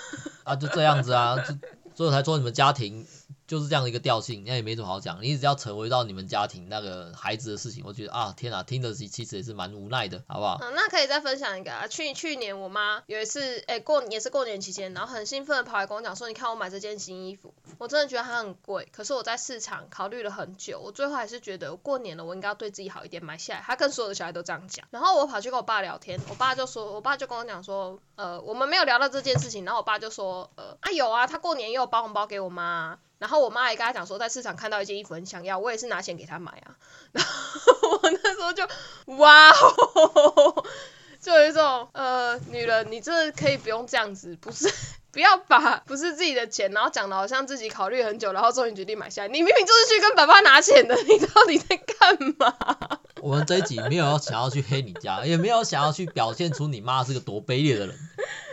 啊！就這樣子啊，所 以才說你們家庭。就是這樣的一個調性，那也沒什麼好講。你只要扯回到你們家庭那個孩子的事情，我覺得啊，天哪、啊，聽得起其實也是蠻無奈的，好不好？嗯，那可以再分享一個啊，去去年我媽有一次，誒、欸，過也是過年期間，然後很興奮的跑來跟我講說，你看我買這件新衣服，我真的覺得它很貴，可是我在市場考慮了很久，我最後還是覺得我過年了，我應該要對自己好一點，買下來。她跟所有的小孩都這樣講，然後我跑去跟我爸聊天，我爸就說，我爸就跟我講說，呃，我們沒有聊到這件事情，然後我爸就說，呃，啊有啊，他過年又包紅包給我媽。然後我媽也跟她講說，在市場看到一件衣服很想要，我也是拿錢給她買啊。然後我那時候就哇哦，就有一種呃，女人你這可以不用這樣子，不是不要把不是自己的錢，然後講的好像自己考慮很久，然後終於決定買下來，你明明就是去跟爸爸拿錢的，你到底在幹嘛？我們這一集沒有要想要去黑你家， 也沒有想要去表現出你媽是個多卑劣的人。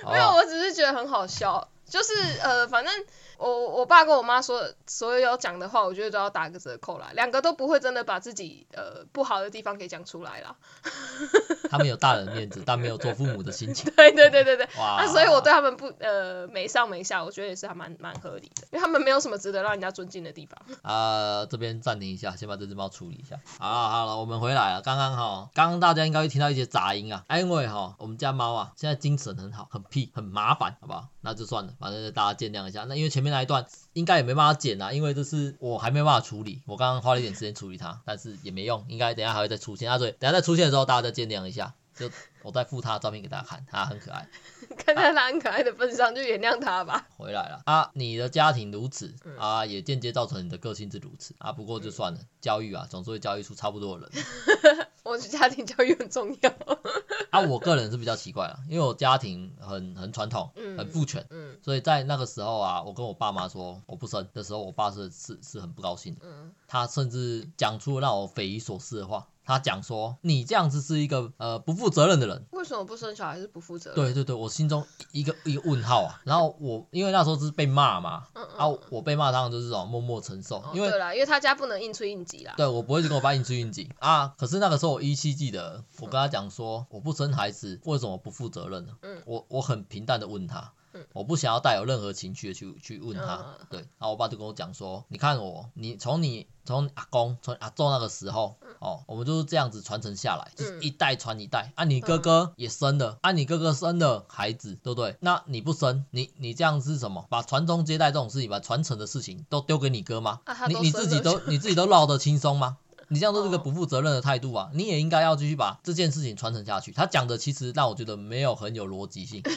沒有，我只是覺得很好笑。就是呃，反正我我爸跟我媽說所有要講的話，我覺得都要打個折扣啦。兩個都不會真的把自己呃不好的地方給講出來啦。他們有大人面子， 但沒有做父母的心情。對對對對、嗯、對、對、對、對。哇。那所以我對他們不呃沒上沒下，我覺得也是還蠻蠻合理的，因為他們沒有什麼值得讓人家尊敬的地方。呃，這邊暫停一下，先把這隻貓處理一下。好好好了，我們回來了，剛剛好。剛剛大家應該會聽到一些雜音啊，因為哈我們家貓啊現在精神很好，很屁，很麻煩，好不好？那就算了。反正大家見諒一下，那因為前面那一段應該也沒辦法剪啦、啊、因為就是我還沒辦法處理，我剛剛花了一點時間處理它，但是也沒用，應該等一下還會再出現，啊、所以等下再出現的時候大家再見諒一下，就我再附他的照片給大家看，他很可愛。看在他很可愛的份上，就原諒他吧。回來了啊，你的家庭如此啊，也間接造成你的個性是如此啊。不過就算了、嗯，教育啊，總是會教育出差不多的人。 我覺得家庭教育很重要。 啊，我個人是比較奇怪了，因為我家庭很很傳統，很父權、嗯，嗯，所以在那個時候啊，我跟我爸媽說我不生的時候，我爸是是是很不高興的，嗯，他甚至講出了讓我匪夷所思的話。他講說，你這樣子是一個呃不負責任的人。為什麼不生小孩是不負責任？對對對，我心中一個一個問號啊。然後我因為那時候是被罵嘛，然 後、啊嗯嗯啊、我被罵，他們就是這種默默承受。哦、因為對啦，因為他家不能應催應急啦。對，我不會去跟我爸應催應急啊。可是那個時候我依稀記得，我跟他講說，我不生孩子為什麼不負責任呢、啊嗯？我我很平淡的問他。我不想要帶有任何情緒的去去問他，對，然後我爸就跟我講說，你看我，你從你從阿公從阿祖那個時候，哦，我們就是這樣子傳承下來，就是一代傳一代，嗯、啊，你哥哥也生了，嗯、啊，你哥哥生了孩子，對不對？那你不生，你你這樣子什麼？把傳宗接代這種事情，把傳承的事情都丟給你哥嗎？啊、你你自己都 你自己都落得輕鬆嗎？你這樣都是個不負責任的態度啊！你也應該要繼續把這件事情傳承下去。他講的其實讓我覺得沒有很有邏輯性。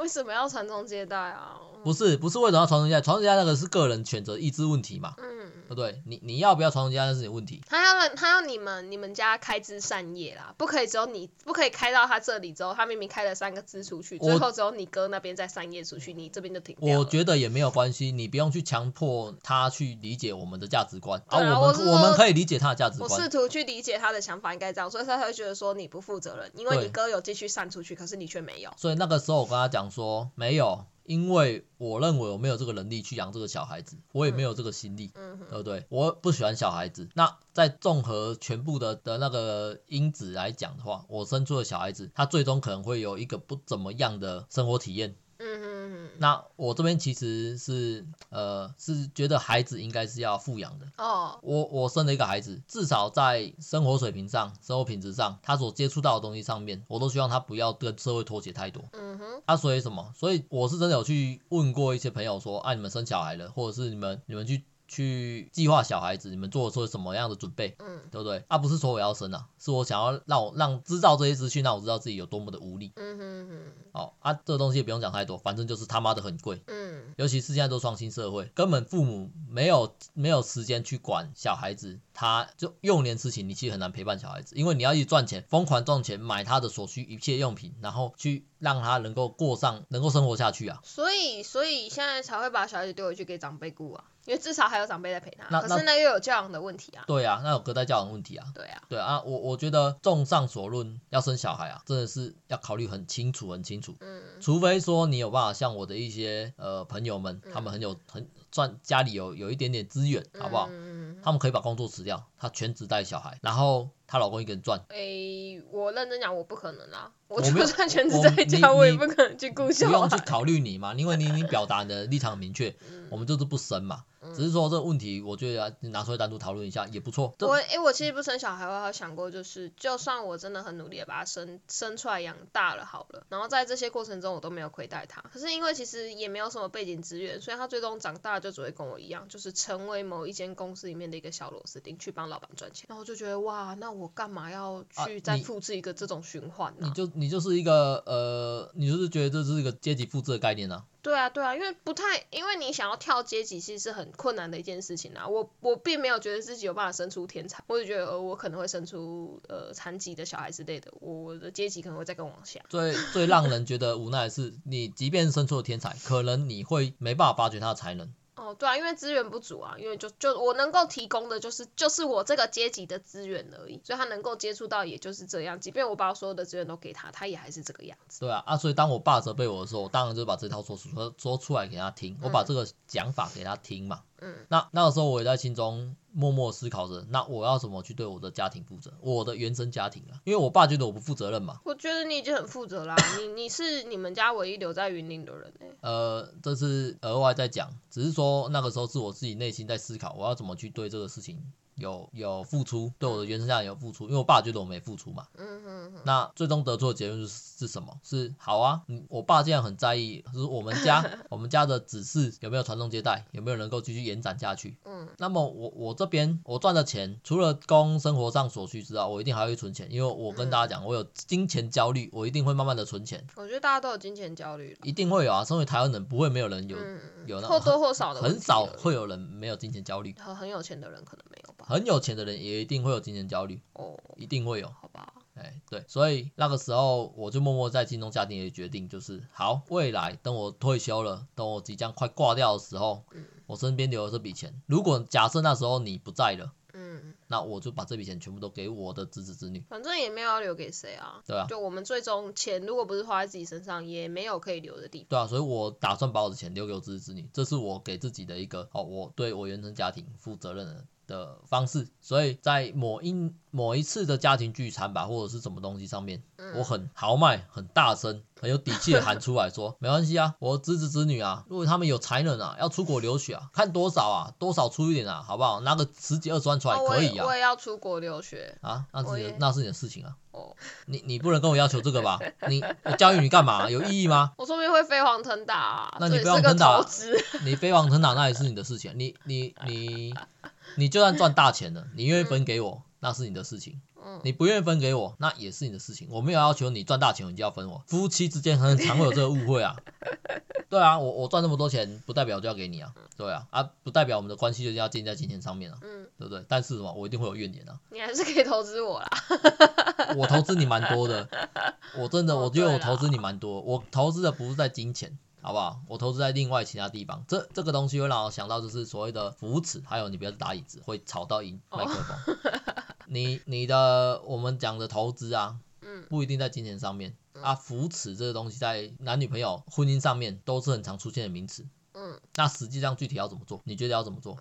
為什麼要傳宗接代啊？不是，不是為什麼要傳宗接代？傳宗接代那個是個人選擇意志問題嘛。嗯 不對，你你要不要傳宗接代，這是你問題。他要他要你們你們家開枝散葉啦，不可以只有你，不可以開到他這裡之後，他明明開了三個枝出去，最後只有你哥那邊再散葉出去，你這邊就停。我覺得也沒有關係，你不用去強迫他去理解我們的價值觀。而我們、啊、我，我們可以理解他的價值觀。我試圖去理解他的想法應該這樣，所以他會覺得說，你不負責任，因為你哥有繼續散出去，可是你卻沒有。所以那個時候我跟他講說，沒有。因為我認為我沒有這個能力去養這個小孩子，我也沒有這個心力，嗯嗯、對不對？我不喜歡小孩子。那在綜合全部的的那個因子來講的話，我生出的小孩子，他最終可能會有一個不怎麼樣的生活體驗。那我這邊其實是呃是覺得孩子應該是要富養的哦。Oh. 我我生了一個孩子，至少在生活水平上，生活品質上，他所接觸到的東西上面，我都希望他不要跟社會脫節太多。嗯、mm、哼 -hmm. 啊。他所以什麼？所以我是真的有去問過一些朋友說，啊，你們生小孩了，或者是你們你們去去計劃小孩子，你們做做什麼樣的準備？嗯、mm -hmm.，對不對？啊，不是說我要生啊。是我想要讓我讓知道這些資訊，讓我知道自己有多麼的無力。嗯哼哼。好、哦、啊，這個、東西也不用講太多，反正就是他媽的很貴。嗯。尤其是現在都雙薪社會，根本父母沒有沒有時間去管小孩子，他就幼年時期，你其實很難陪伴小孩子，因為你要去賺錢，瘋狂賺錢，買他的所需一切用品，然後去讓他能夠過上能夠生活下去啊。所以所以現在才會把小孩子丟回去給長輩顧啊，因為至少還有長輩在陪他。那那可是那又有教養的問題啊。對啊，那有隔代教養的問題啊。對啊。對啊，我。我我覺得，綜上所論，要生小孩啊，真的是要考慮很清楚，很清楚。嗯。除非說你有辦法像我的一些呃朋友們，他們很有很賺，家裡有有一點點資源，好不好？嗯嗯他們可以把工作辭掉，她全職帶小孩，然後她老公一個人賺。誒、欸，我認真講，我不可能啦，我就算全職在家我我，我也不可能去顧小孩。不用去考慮你嘛，因為你你表達你的立場很明確， 我們就是不生嘛，只是說這個問題，我覺得拿出來單獨討論一下也不錯。我、嗯、誒、欸，我其實不生小孩，我還想過就是，就算我真的很努力的把他生生出來養大了好了，然後在這些過程中我都沒有虧待他。可是因為其實也沒有什麼背景資源，所以他最終長大就只會跟我一樣，就是成為某一間公司裡面的。的一個小螺絲釘去幫老闆賺錢，然後我就覺得哇，那我幹嘛要去再複製一個這種循環呢？啊啊？你就你就是一個呃，你就是覺得這是一個階級複製的概念呢？啊？對啊，對啊，因為不太，因為你想要跳階級其實是很困難的一件事情啊。我我並沒有覺得自己有辦法生出天才，我只覺得呃，我可能會生出呃殘疾的小孩之類的，我的階級可能會再更往下。最最讓人覺得無奈的是， 你即便生出了天才，可能你會沒辦法發掘他的才能。哦，對啊，因為資源不足啊，因為就就我能夠提供的就是就是我這個階級的資源而已，所以他能夠接觸到也就是這樣。即便我把所有的資源都給他，他也還是這個樣子。對啊，啊，所以當我爸責備我的時候，我當然就把這套說出說出來給他聽，我把這個講法給他聽嘛。嗯那那個時候我也在心中默默思考着，那我要怎麼去對我的家庭負責？我的原生家庭啊，因為我爸覺得我不負責任嘛。我覺得你已經很負責啦， 你你是你們家唯一留在雲林的人欸。呃，這是額外在講，只是說那個時候是我自己內心在思考，我要怎麼去對這個事情。有有付出，對我的原生家庭有付出，因為我爸覺得我沒付出嘛。嗯嗯。那最終得出的結論是是什麼？是好啊，我爸這樣很在意，就是我們家 我們家的子嗣有沒有傳宗接代，有沒有能夠繼續延展下去。嗯。那麼我我這邊我賺的錢，除了供生活上所需之外，我一定還會存錢，因為我跟大家講，我有金錢焦慮，我一定會慢慢的存錢。我覺得大家都有金錢焦慮。一定會有啊，身為台灣人，不會沒有人有、嗯、有那或多或少的。很少會有人沒有金錢焦慮。很很有錢的人可能沒有吧。很有錢的人也一定會有金錢焦慮，哦，一定會有，好吧？哎、欸，對，所以那個時候我就默默在心中下定的決定，就是好，未來等我退休了，等我即將快掛掉的時候，嗯、我身邊留了這筆錢。如果假設那時候你不在了，嗯，那我就把這筆錢全部都給我的侄子侄女。反正也沒有要留給誰啊。對啊。就我們最終錢如果不是花在自己身上，也沒有可以留的地方。對啊，所以我打算把我的錢留給我侄子侄女，這是我給自己的一個哦我對我原生家庭負責任的的方式，所以在某一某一次的家庭聚餐吧，或者是什麼東西上面，嗯、我很豪邁、很大聲、很有底氣的喊出來說：“ 沒關係啊，我侄子侄女啊，如果他們有才能啊，要出國留學啊，看多少啊，多少出一點啊，好不好？拿個十幾二十萬出來可以啊。”我也要出國留學啊，那是你的，那是你的事情啊。哦，你你不能跟我要求這個吧？你教育你幹嘛？有意義嗎？我說不定會飛黃騰達啊，那你不要投他，你飛黃騰達 那也是你的事情。你你你。你你你就算賺大錢了，你願意分給我，嗯，那是你的事情。嗯，你不願意分給我，那也是你的事情。我沒有要求你賺大錢，你就要分我。夫妻之間很常會有這個誤會啊。對啊，我我賺那麼多錢，不代表我就要給你啊。對啊，啊，不代表我們的關係就要建立在金錢上面啊。嗯，對不對？但是什麼？我一定會有怨言的，啊。你還是可以投資我啦。 我投資你蠻多的。我真的，我覺得我投資你蠻多。我投資的不是在金錢。好不好？我投資在另外其他地方。這這個東西會讓我想到，就是所謂的扶持。還有，你不要打椅子，會吵到音、Oh. 麥克風。你你的我們講的投資啊，不一定在金錢上面啊。扶持這個東西在男女朋友、婚姻上面都是很常出現的名詞。嗯，那實際上具體要怎麼做？你覺得要怎麼做？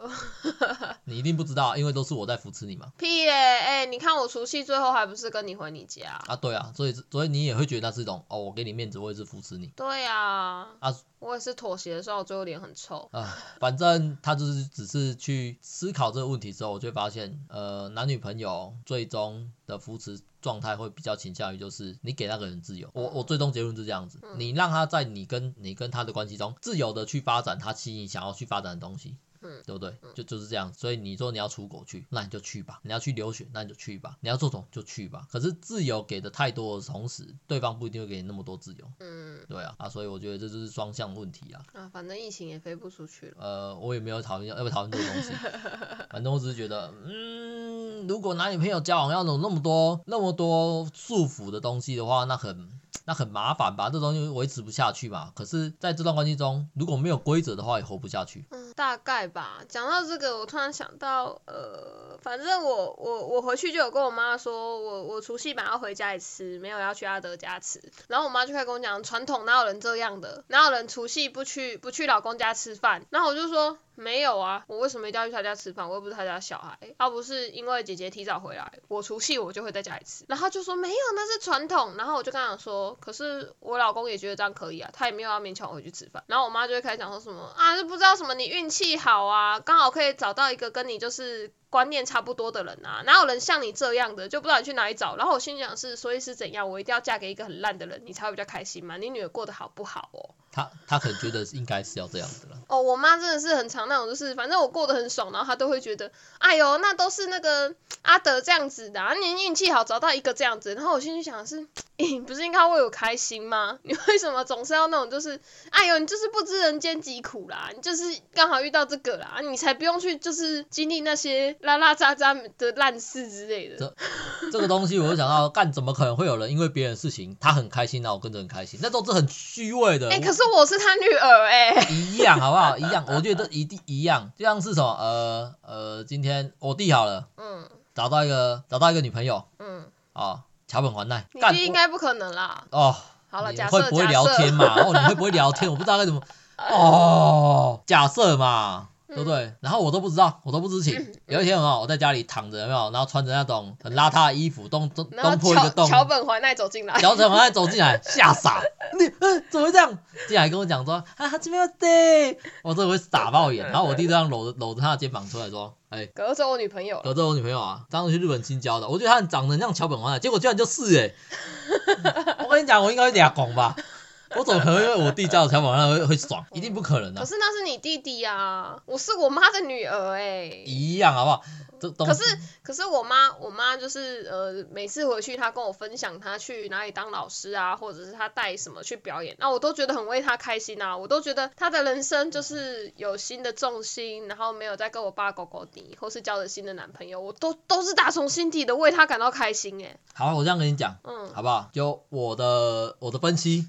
你一定不知道，因為都是我在扶持你嘛。屁耶、欸！哎、欸，你看我除夕最後還不是跟你回你家？啊，對啊，所以所以你也會覺得那是這種哦，我給你面子，我也是扶持你。對啊。啊。我也是妥協的時候，我最後臉很臭。啊，反正他就是只是去思考這個問題之後，我就發現，呃，男女朋友最終的扶持狀態會比較傾向於就是你給那個人自由。我我最終結論是這樣子，嗯，你讓他在你跟你跟他的關係中自由的去發展他心裡想要去發展的東西。嗯，對不對？就就是這樣，所以你說你要出國去，那你就去吧；你要去留學，那你就去吧；你要做什麼，就去吧。可是自由給的太多的同時，對方不一定會給你那麼多自由。嗯，對啊，啊，所以我覺得這就是雙向問題啊。啊，反正疫情也飛不出去了。呃，我也沒有討厭，要不討厭這個東西。 反正我只是覺得，嗯，如果男女朋友交往要有那麼多那麼多束縛的東西的話，那很那很麻煩吧？這東西維持不下去嘛。可是在這段關係中，如果沒有規則的話，也活不下去。嗯。大概吧。講到這個，我突然想到，呃，反正我我我回去就有跟我媽說，我我除夕本來要回家裡吃，沒有要去阿德家吃。然後我媽就開始跟我講，傳統哪有人這樣的，哪有人除夕不去不去老公家吃飯。然後我就說沒有啊，我為什麼一定要去他家吃飯？我又不是他家小孩，而、啊、不是因為姐姐提早回來，我除夕我就會在家裡吃。然後他就說沒有，那是傳統。然後我就跟她講說，可是我老公也覺得這樣可以啊，他也沒有要勉強我回去吃飯。然後我媽就會開始講說什麼啊，就不知道什麼你運。氣好啊，剛好可以找到一個跟你就是，觀念差不多的人啊，哪有人像你這樣的，就不知道你去哪裡找。然後我心裡想是，所以是怎樣，我一定要嫁給一個很爛的人，你才會比較開心嘛。你女兒過得好不好哦？她她可能覺得應該是要這樣子的了。哦，我媽真的是很常那種，就是反正我過得很爽，然後她都會覺得，哎呦，那都是那個阿德這樣子的，啊，你運氣好找到一個這樣子。然後我心裡想的是，欸，不是應該為我開心嗎？你為什麼總是要那種就是，哎呦，你就是不知人間疾苦啦，你就是剛好遇到這個啦，你才不用去就是經歷那些。拉拉雜雜的爛事之類的這。這這個東西，我就想到， 幹怎麼可能會有人因為別人的事情，他很開心，然後我跟着很開心？那都是很虛偽的。哎、欸，可是我是他女兒、欸，哎。一樣，好不好？一樣， 我覺得這一定一,一樣。就像是什麼，呃呃，今天我弟好了，嗯，找到一個，找到一個女朋友，嗯，啊、哦，橋本環奈。你弟應該不可能啦。哦。好了，假設。會不會聊天嘛？哦，你會不會聊天？ 我不知道該怎麼。哦，假設嘛。對、嗯、對？然後我都不知道，我都不知情。嗯、有一天很我在家裡躺着，有沒有？然後穿着那種很邋遢的衣服，洞洞破一個洞。橋橋本環奈走進來。橋本環奈走進來，嚇 傻！你嗯、欸，怎麼會這樣？進來跟我講說啊，好久沒有見。我這會打爆眼，然後我弟這樣摟著摟着他的肩膀出來說：“誒、欸、隔着我女朋友隔着我女朋友啊？當時去日本新交的，我覺得他長得樣橋本環奈，結果居然就是誒、欸、 我跟你講，我應該也講吧。 我怎麼可能？因為我弟交了男朋友會 會爽？一定不可能的、啊。可是那是你弟弟啊，我是我媽的女兒哎、欸。一樣好不好？可是可是我媽我媽就是呃，每次回去她跟我分享她去哪裡當老師啊，或者是她帶什麼去表演，那、啊、我都覺得很為她開心啊。我都覺得她的人生就是有新的重心，然後沒有再跟我爸搞搞底，或是交了新的男朋友，我都都是打從心底的為她感到開心哎、欸。好，我這樣跟你講，嗯，好不好？有我的我的分析。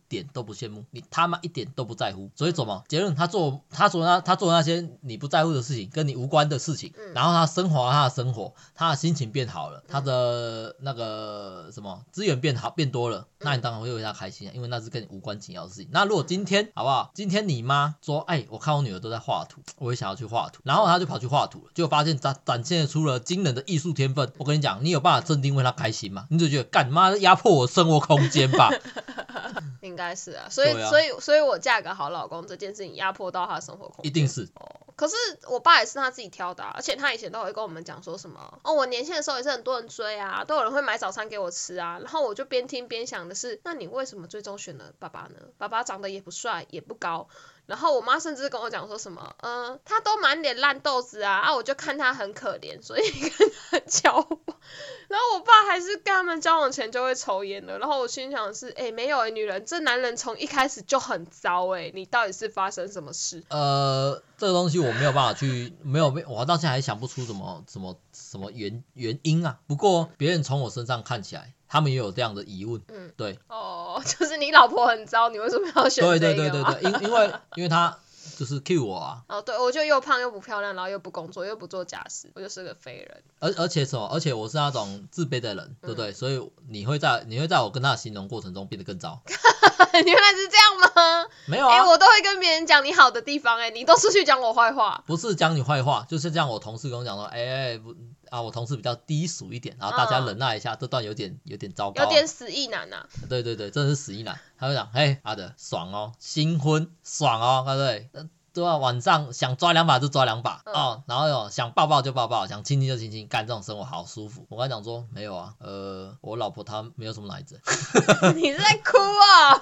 一點都不羨慕，你他媽一點都不在乎，所以怎麼？結論？他做他做那他做那些你不在乎的事情，跟你無關的事情，然後他升華他的生活，他的心情變好了，他的那個什麼資源變好變多了，那你當然會為他開心、啊，因為那是跟你無關緊要的事情。那如果今天好不好？今天你媽說，哎、欸，我看我女兒都在畫圖，我也想要去畫圖，然後他就跑去畫圖了，就發現展展現出了驚人的藝術天分。我跟你講，你有辦法鎮定為他開心嗎？你就覺得幹你媽壓迫我生活空間吧？ 應該是啊，所以、啊、所以所以我嫁個好老公這件事情壓迫到他的生活空間，一定是、哦。可是我爸也是他自己挑的、啊，而且他以前都會跟我們講說什麼哦，我年輕的時候也是很多人追啊，都有人會買早餐給我吃啊，然後我就邊聽邊想的是，那你為什麼最終選了爸爸呢？爸爸長得也不帥，也不高。然後我媽甚至跟我講說什麼，嗯、呃，他都滿臉爛豆子啊，啊，我就看他很可憐，所以跟他交往。然後我爸還是跟他們交往前就會抽菸了。然後我心想的是，哎、欸，沒有、欸、女人，這男人從一開始就很糟，哎、欸，你到底是發生什麼事？呃，這個東西我沒有辦法去，沒有，我到現在還想不出什麼什麼什麼原原因啊。不過別人從我身上看起來。他們也有這樣的疑問，嗯，對，哦，就是你老婆很糟，你為什麼要選？對對對對對，因 因為因為她就是 cue 我啊。哦，對，我就又胖又不漂亮，然後又不工作，又不做家事，我就是個廢人。而而且什麼？而且我是那種自卑的人，嗯、對不對？所以你會在你會在我跟他的形容過程中變得更糟。 你原來是這樣嗎？沒有、啊，哎、欸，我都會跟別人講你好的地方、欸，哎，你都是去講我壞話。不是講你壞話，就是這樣。我同事跟我講說，哎、欸。啊，我同事比較低俗一點，然後大家忍耐一下，嗯、這段有點有點糟糕，啊，有點死意男啊。對對對，這是死意男，他會講，嘿，阿、啊、德爽哦，新婚爽哦，對不對？對啊，晚上想抓兩把就抓兩把、嗯、哦，然後有想抱抱就抱抱，想親親就親親，幹這種生活好舒服。我剛才講說沒有啊，呃，我老婆她沒有什麼奶子。 你在哭啊、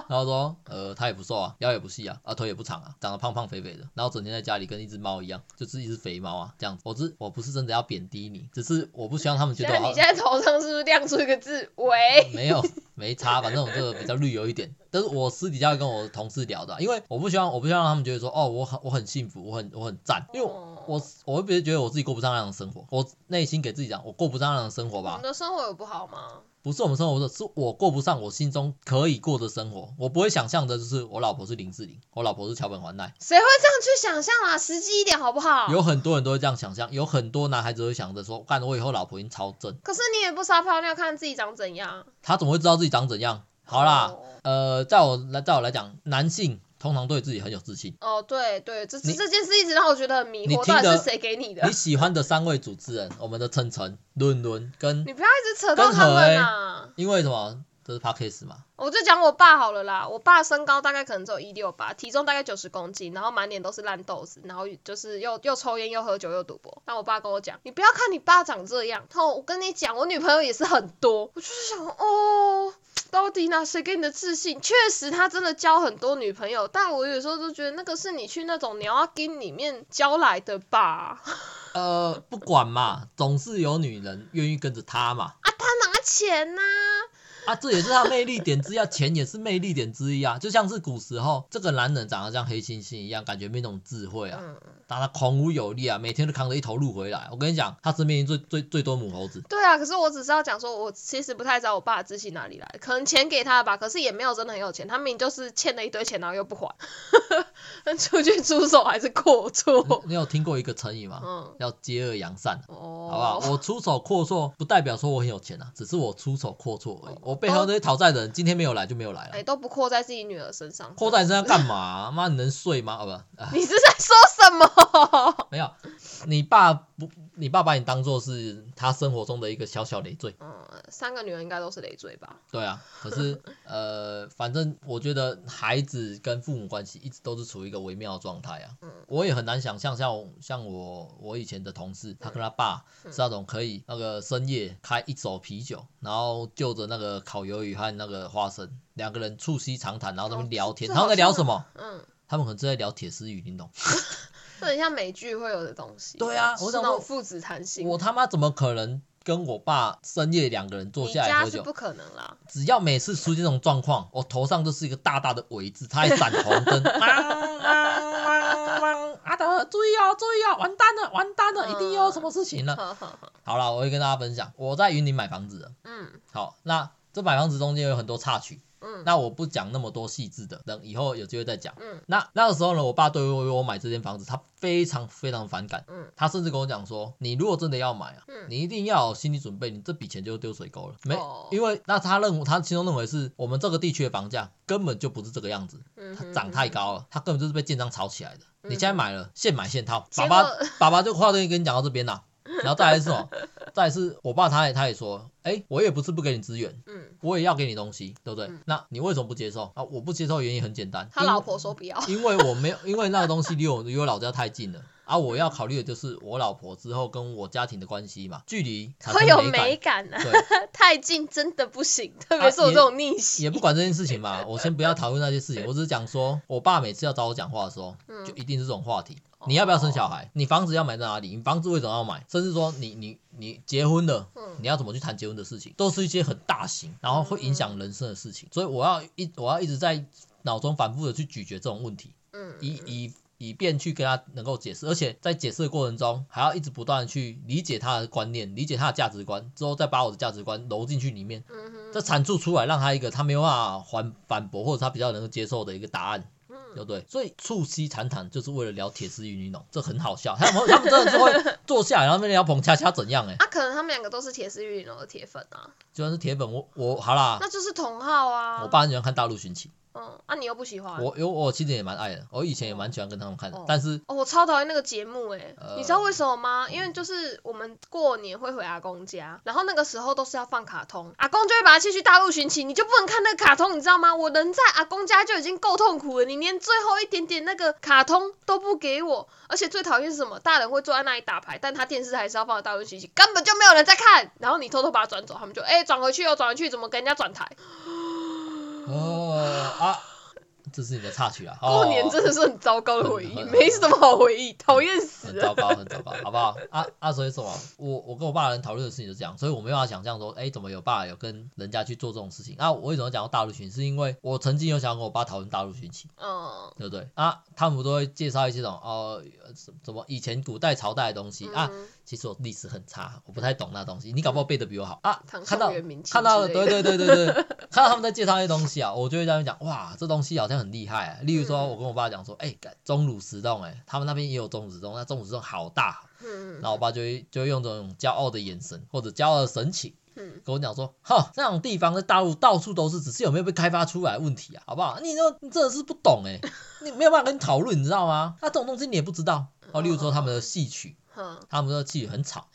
哦？然後說呃，她也不瘦啊，腰也不細啊，啊，腿也不長啊，長得胖胖肥肥的，然後整天在家裡跟一隻貓一樣，就是一隻肥貓啊，這樣子。我是我不是真的要貶低你，只是我不希望他們覺得好。你現在頭上是不是亮出一個字？喂？沒有。沒差，反正我這個比較綠油一點。但是我私底下會跟我同事聊的，因為我不希望，我不希望他們覺得說，哦，我很我很幸福，我很我很讚。因為我我，我會別覺得我自己過不上那樣的生活，我內心給自己講，我過不上那樣的生活吧。你的生活有不好嗎？不是我們生活的，是我過不上我心中可以過的生活。我不會想象的，就是我老婆是林志玲，我老婆是橋本環奈。誰會這樣去想象啊？實際一點好不好？有很多人都會這樣想象，有很多男孩子會想着說：“看我以後老婆一定超正。”可是你也不撒泡尿看看自己長怎樣？他怎麼會知道自己長怎樣？好啦，oh. 呃，在我來，在我來講，男性。通常對自己很有自信。哦，對對，這這件事一直讓我覺得很迷惑，到底是誰給你的？你喜歡的三位主持人，我們的晨晨、倫倫跟。你不要一直扯到他們啊！因為什麼？就是他 case，嘛，我就講我爸好了啦，我爸身高大概可能只有一六八，體重大概九十公斤，然後滿臉都是爛痘子，然後就是又又抽煙又喝酒又賭博。但我爸跟我講，你不要看你爸長這樣，他、哦、我跟你講，我女朋友也是很多。我就是想哦，到底哪誰給你的自信？確實他真的交很多女朋友，但我有時候都覺得那個是你去那種鳥 k 給裡面交來的吧。呃，不管嘛， 總是有女人願意跟着他嘛。啊，他拿錢吶、啊。啊，這也是他魅力點之一，啊，錢也是魅力點之一啊。就像是古時候這個男人長得像黑猩猩一樣，感覺沒那種智慧啊。嗯、打他孔武有力啊，每天都扛着一頭鹿回來。我跟你講，他身邊最最最多母猴子。對啊，可是我只是要講說，我其實不太知道我爸的自信哪裡來，可能錢給他的吧。可是也沒有真的很有錢，他明明就是欠了一堆錢，然後又不還。那出去出手還是闊綽。你有聽過一個成語嗎？嗯，要接惡揚善。哦，好不好？我出手闊綽不代表說我很有錢啊，只是我出手闊綽而已。哦我我背後那些討債的人、哦，今天沒有來就沒有來了。欸、都不扣在自己女兒身上，扣在身上幹嘛？媽， 你能睡嗎？哦、不，你是在說什麼？沒有，你爸不。你爸把你當做是他生活中的一個小小累贅。嗯，三個女兒應該都是累贅吧？對啊，可是呃，反正我覺得孩子跟父母關係一直都是處於一個微妙的狀態啊。嗯。我也很難想象，像像我像我，我以前的同事，他跟他爸是那種可以那個深夜開一手啤酒，然後就着那個烤魷魚和那個花生，兩個人促膝長談，然後他們聊天，哦、他們在聊什麼？嗯。他們可能正在聊鐵絲雨，你懂。 這很像美劇會有的東西。對啊，我想說我父子談心。我他媽怎麼可能跟我爸深夜兩個人坐下來喝酒？不可能啦！只要每次出現這種狀況，我頭上就是一個大大的“尾字，他還閃紅燈 啊。啊啊，汪啊，阿啊，啊，注意哦，注意哦，完蛋了，完蛋了，嗯、一定要有什麼事情了。好好好。好啦，我會跟大家分享，我在雲林買房子了。嗯。好，那。這買房子中間有很多插曲，嗯，那我不講那麼多細緻的，等以後有機會再講。嗯、那那個時候呢，我爸對於我，我買這間房子，他非常非常反感，嗯，他甚至跟我講說，你如果真的要買啊，嗯，你一定要有心理準備，你這筆錢就丟水溝了，沒，因為那他認為他心中認為是我們這個地區的房價根本就不是這個樣子，它漲太高了，它根本就是被建商炒起來的，嗯、你現在買了現買現套，爸爸爸爸，這句話等跟你講到這邊了，啊 然後再來是什麼？ 再來是我爸他也他也說，哎、欸，我也不是不給你資源，嗯，我也要給你東西，對不對？嗯、那你為什麼不接受啊？我不接受的原因很簡單，他老婆說不要，因，因為我沒有，因為那個東西離我離 我老家太近了，啊，我要考慮的就是我老婆之後跟我家庭的關係嘛，距離產生美感、啊、對、太近真的不行，特別是我這種逆襲、欸，也不管這件事情嘛， 我先不要討論那些事情，我只是講說，我爸每次要找我講話的時候、嗯，就一定是這種話題。你要不要生小孩？你房子要買在哪裡？你房子為什麼要買？甚至說你你你結婚了，你要怎麼去談結婚的事情，都是一些很大型，然後會影響人生的事情。所以我要一我要一直在腦中反覆的去咀嚼這種問題，以以以便去跟他能夠解釋，而且在解釋的過程中，還要一直不斷去理解他的觀念，理解他的價值觀，之後再把我的價值觀揉進去裡面，再闡述出來，讓他一個他沒有辦法反反駁或者他比較能夠接受的一個答案。對對，所以促膝長談就是為了聊《鐵獅玉玲瓏》，這很好笑。他們他們真的是會坐下，然後面聊澎恰恰怎樣？哎，那可能他們兩個都是《鐵獅玉玲瓏》的鐵粉啊。就算是鐵粉，我我好啦，那就是同好啊。我爸很喜歡看大陸尋奇。嗯，啊，你又不喜歡我？我，我其實也蠻愛的，我以前也蠻喜歡跟他們看的，哦、但是。哦、我超討厭那個節目誒、欸呃，你知道為什麼嗎？因為就是我們過年會回阿公家，然後那個時候都是要放卡通，阿公就會把它切去大陸尋奇，你就不能看那個卡通，你知道嗎？我人在阿公家就已經夠痛苦了，你連最後一點點那個卡通都不給我，而且最討厭是什麼？大人會坐在那裡打牌，但他電視還是要放大陸尋奇，根本就沒有人在看，然後你偷偷把它轉走，他們就誒轉、欸、回去又、哦、轉回去，怎麼給人家轉台？哦啊！這是你的插曲啊、哦！過年真的是很糟糕的回憶，沒什麼好回憶，討厭死！很糟糕，很糟糕，好不好？啊啊，所以說我我跟我爸人討論的事情就是這樣，所以我沒有辦法想象說，哎、欸，怎麼有爸有跟人家去做這種事情？啊，我為什麼講到大陸尋奇？是因為我曾經有想跟我爸討論大陸尋奇。嗯、oh.，對不對？啊，他們都會介紹一些這種哦，怎、啊、麼以前古代朝代的東西啊？Mm -hmm. 其實我歷史很差，我不太懂那東西。你搞不好背得比我好啊！看到看到了，對對對對對，看到他們在介紹那些東西啊，我就會這樣講，哇，這東西好像很厲害啊！例如說，我跟我爸講說，哎、嗯，鐘乳石洞、欸，哎，他們那邊也有鐘乳洞，那鐘乳洞好大。嗯。然後我爸就會就會用這種驕傲的眼神或者驕傲的神情，嗯，跟我講說，哈，那種地方在大陸到處都是，只是有沒有被開發出來的問題啊，好不好？你這這是不懂哎、欸，你沒有辦法跟你討論，你知道嗎？那、啊、這種東西你也不知道。哦，例如說他們的戲曲。哦哦他們說雞很吵，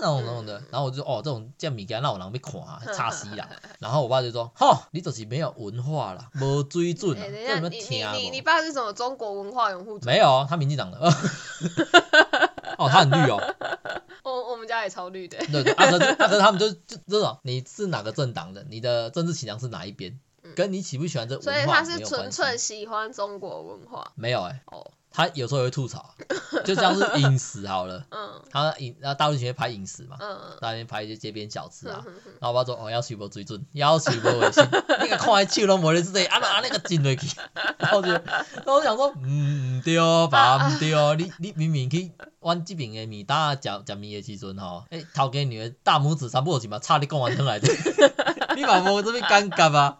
然、嗯、後那，那種的，然後我就哦這種叫米給那我人被看差、啊、死啦、啊嗯嗯。然後我爸就說，哈、哦，你就是沒有文化啦，沒水準，怎、欸、麼聽？你你，你，你爸是什麼中國文化擁護者沒有，他民進黨的。哦， 哦，他很綠哦。 我我們家也超綠的。對阿、啊啊、他們就就這種，你是哪個政黨的？你的政治傾向是哪一邊？跟你喜不喜歡這文化沒有關係。所以他是純粹喜歡中國文化。沒有哎、欸。哦。他有時候也會吐槽， 就像是飲食好了，嗯、他飲然後大陸以前拍飲食嘛，那、嗯、邊拍一些街邊小吃啊、嗯嗯哦、 啊，啊，啊，然後我爸說哦，要全部水準，要全部回去，你看伊笑攏無咧自在，阿那個進銳去。然後就然後我想說，嗯，唔對、啊、對，爸爸唔對，哦，你你明明去阮即邊誒麵搭食食麵誒時陣吼，誒、欸，頭家娘大拇指差不多錢嘛，差 你講完湯來滴，你爸無這物尷尬嗎？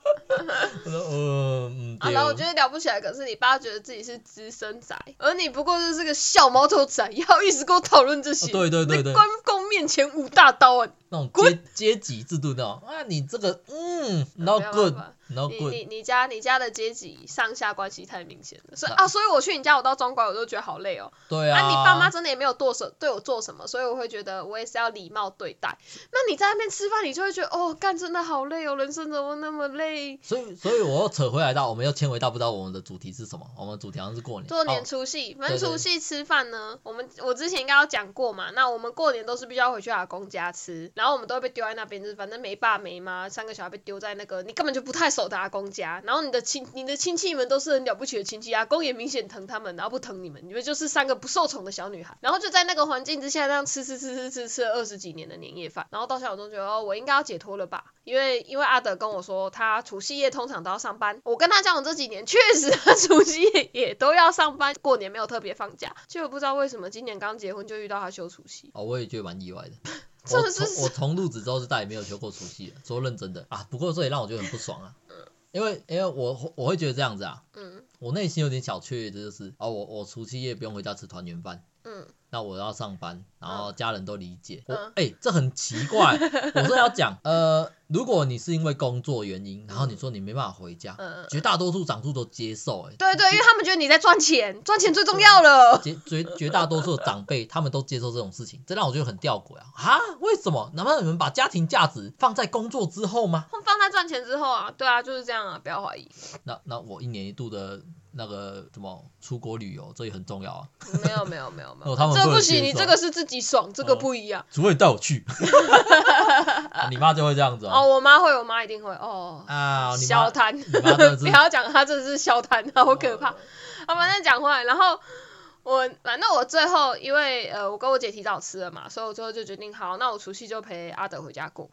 我說、呃、嗯。啊，然後我覺得了不起來，可是你爸覺得自己是資深仔，而你不過就是個小毛頭仔，要一直跟我討論這些，哦，對，對，對，對。在關公面前舞大刀啊！那種階階級制度的，啊，你這個嗯，不要滾，你你你家你家的階級上下關係太明顯了，啊，所以啊，所以我去你家，我到莊管我都覺得好累哦。對啊。那，啊，你爸媽真的也沒有剁手對我做什麼，所以我會覺得我也是要禮貌對待。那你在外面吃飯，你就會覺得哦，幹真的好累哦，人生怎麼那麼累？所以所以我又扯回來到我們。又牽回到不知道我們的主題是什麼，我們主題好像是過年，過年除夕、哦，反正除夕吃飯呢。對對對，我們我之前應該有講過嘛，那我們過年都是必須要回去阿公家吃，然後我們都會被丟在那邊，就是反正沒爸沒媽，三個小孩被丟在那個你根本就不太熟的阿公家，然後你的親你的親戚們都是很了不起的親戚，阿公也明顯疼他們，然後不疼你們，你們就是三個不受寵的小女孩。然後就在那個環境之下，這樣吃吃吃吃吃吃了二十幾年的年夜飯，然後到小，小中覺得、哦、我應該要解脫了吧，因為因為阿德跟我說他除夕夜通常都要上班，我跟他講。這幾年確實，除夕夜也都要上班，過年沒有特別放假，就不知道為什麼今年剛結婚就遇到他休除夕。哦，我也覺得蠻意外的。 我從 我從入職之後就再也沒有休過除夕，說認真的啊，不過這也讓我覺得很不爽啊，因為因為我我會覺得這樣子啊，嗯、我內心有點小雀躍，的就是啊、哦、我我除夕夜不用回家吃團圓飯，嗯，那我要上班，然後家人都理解、嗯、我，哎，這很奇怪， 我說要講呃。如果你是因為工作原因，然後你說你沒辦法回家，嗯、絕大多數長輩都接受。哎，對對，因為他們覺得你在賺錢，賺錢最重要了。絕絕絕大多數的長輩 他們都接受這種事情，這讓我覺得很吊詭啊！啊，為什麼？難道你們把家庭價值放在工作之後嗎？放在賺錢之後啊，對啊，就是這樣啊，不要懷疑。那那我一年一度的。那個什麼出國旅遊，這也很重要啊。沒有沒有沒有沒有，沒有沒有 有，這不行，你這個是自己爽，哦、這個不一樣。除非你帶我去。 啊、你媽就會這樣子哦。哦，我媽會，我媽一定會哦。啊，你小貪，你 不要講他，這是小貪，好可怕。他、哦啊、反正講話，然後我反正、啊、我最後，因為呃，我跟我姐提早吃了嘛，所以我最後就決定，好，那我除夕就陪阿德回家過。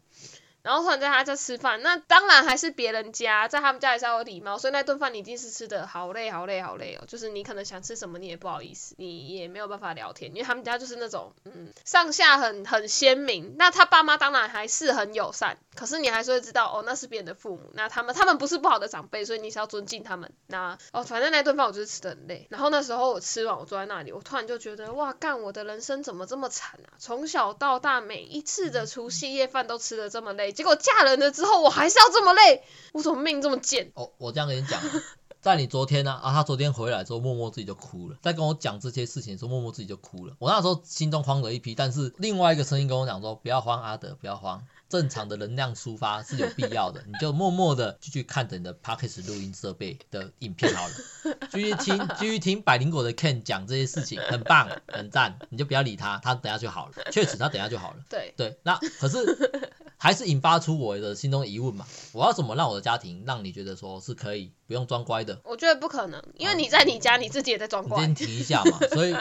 然後突然在他家吃飯，那當然還是別人家，在他們家也是要有禮貌，所以那頓飯你一定是吃的好累好累好累哦，就是你可能想吃什麼你也不好意思，你也沒有辦法聊天，因為他們家就是那種嗯上下很很鮮明，那他爸媽當然還是很友善，可是你還是會知道哦那是別人的父母，那他們他們不是不好的長輩，所以你是要尊敬他們。那哦反正那頓飯我就是吃得很累，然後那時候我吃完我坐在那裡，我突然就覺得哇干我的人生怎麼這麼慘啊？從小到大每一次的除夕夜飯都吃的這麼累。結果嫁人了之後，我還是要這麼累，我怎麼命這麼賤？哦，我這樣跟你講， 在你昨天呢啊，啊，他昨天回來之後，默默自己就哭了，在跟我講這些事情的時候，默默自己就哭了。我那時候心中慌了一批，但是另外一個聲音跟我講說，不要慌，阿德，不要慌。正常的能量抒發是有必要的，你就默默的就去看着你的 Podcast 錄音設備的影片好了，繼續聽繼續聽百靈果的 Ken 講這些事情，很棒，很讚，你就不要理他，他等下就好了。確實，他等下就好了。對對，那可是還是引發出我的心中疑問嘛？我要怎麼讓我的家庭讓你覺得說是可以不用裝乖的？我覺得不可能，因為你在你家你自己也在裝乖。啊，你先提一下嘛。所以。